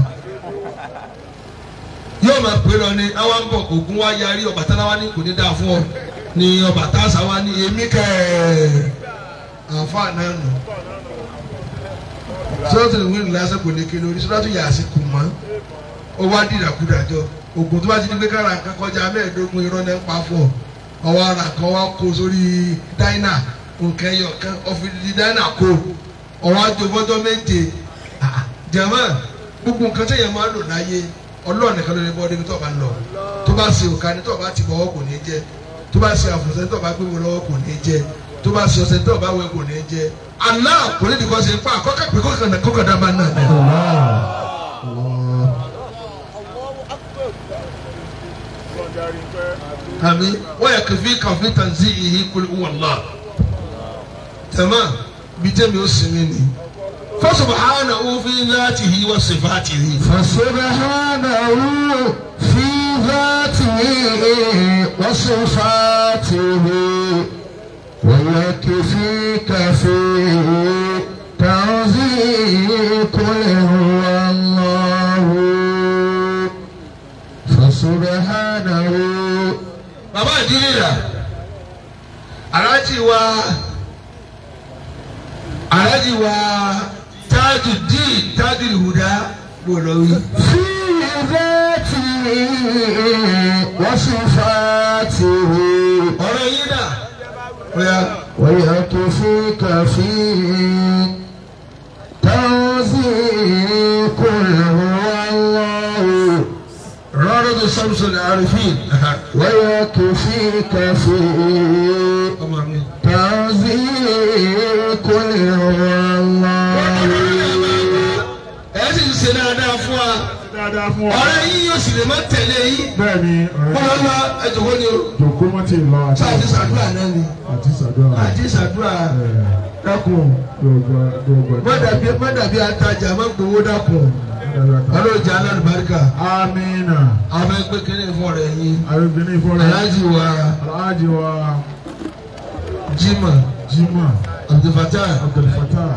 yóò máa pè lọ ni àwa ń bọ̀ Ògún wa yarí Ọbàtálá wa ní kò ní dáa fún ọ ni Ọbàtásá wa ní èmi kẹ́ẹ̀ẹ́ àfa náà nù sọ́dọ̀tì ní wíńdì lásán kò ní kí lórí sọ́dọ̀tì yà á sí kù mọ́ ó wá dìdàkudàjọ ògùn tó bá ti di pé kára nǹkan kọjá mẹ́ẹ̀ẹ́dógún irọ́ náà ń pa fún ọ ọwọ́ ara kan wá kó sórí dáínà nǹkan ẹyọ kan ọ̀fìdì dáínà kó ọwọ́ àjò fọ́jọ́ méje jẹ̀mọ́ gbogbo nǹkan tẹ̀yẹ̀ máa ń lò láyé ọlọ́run nìkan ló ní bọ́ débi tó bá ń lọ tó bá ṣe òkà ní tó bá ti bọ̀ ọ́ kò ní jẹ tó bá ṣe àfọ̀sẹ́ ní tó bá gbé wọn lọ́wọ́ kò ní jẹ tó bá sọ sẹ́ni tó bá wẹ̀ kò ní jẹ́ àná kò ní dìbò ṣe fà kọ́kà pé kọ́kà dá bá náà mẹ́rin. àmì wọ́n yẹ kẹfí kàfí tàǹzí ìhí kul wàllá tẹ̀mọ́ bí tẹ́mi ó sinmi ni. فسبحانه في ذاته وصفاته فسبحانه في ذاته وصفاته ويكفيك فيه تعزيه قل هو الله فسبحانه bàbá ìdílé rà aláàjì wa aláàjì wa tájú dí tájú ìhùdá bò lọ ọ̀rọ̀ yìí náà. ويكفيك فيه توزيع كل هو الله رارد شمس العارفين ويكفيك فيه توزيع dáadáa fún ọ. ọ̀rẹ́ yín yóò sì lè má tẹ̀lé yín. bẹ́ẹ̀ni ọ̀rẹ́ yín. kọ́lá ẹ̀jọ̀gbọ́n ni o. jòkó wọn ti lọ àti. sáà ti sàdúrà náà ni. àti sàdúrà. àti sàdúrà. dákun dọ̀gbà dọ̀gbà. mọ̀dàbí mọ̀dàbí atajà má gbowó dákun. alo jẹ aláàlú barika. amiina. àwọn ẹgbẹ́ kẹ́lẹ́ ìfọ̀rẹ́ yín. àwọn ẹgbẹ́ kẹ́lẹ́ ìfọ̀rẹ́ wa. aláàjì wa. jimá. jimá. abdulfatah. abdulfatah.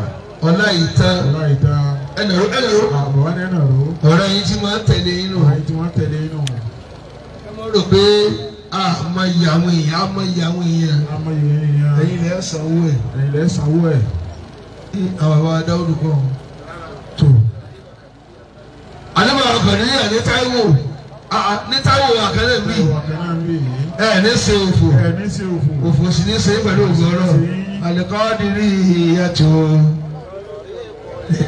ọláyìí tán. ọláyìí tán ẹnìró ẹnìró. àbọ̀ ẹnìró. ọ̀rẹ́ yín tí wọ́n tẹ̀lé inú. ọ̀rẹ́ yín tí wọ́n tẹ̀lé inú. ẹ mọ̀ rò pé àmọ̀yì àwọn èèyàn àmọ̀yì àwọn èèyàn. àmọ̀yì èèyàn. ẹ̀yin lẹ́ sanwó ẹ̀. ẹ̀yin lẹ́ sanwó ẹ̀. àwọn àbá dáwọ́dù kọ́ tó. àdébà ọkùnrin yà ní Táíwò ní Táíwò àkàlẹ̀ mi. ẹ ní ṣe òfò. ẹ ní ṣe òfò. òfò sì ní ṣe pẹ̀lú ògbọ́rọ̀. àlùkò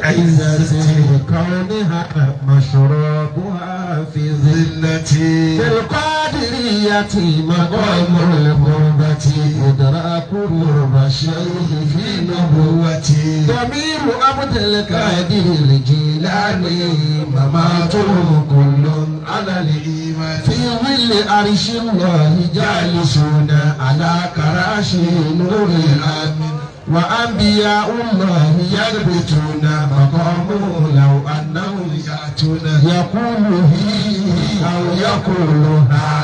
عزتي كونها مشروبها في ذلتي في القادرية مقام الغربة إدراك غرب الشيخ في نبوتي ضمير عبد القادر الجيلاني مماته كل على الإيمان في ظل عرش الله جالسون على كراش نور الآمن وأنبياء الله يربتون مقامه لو أنه يأتون هي أو يقولها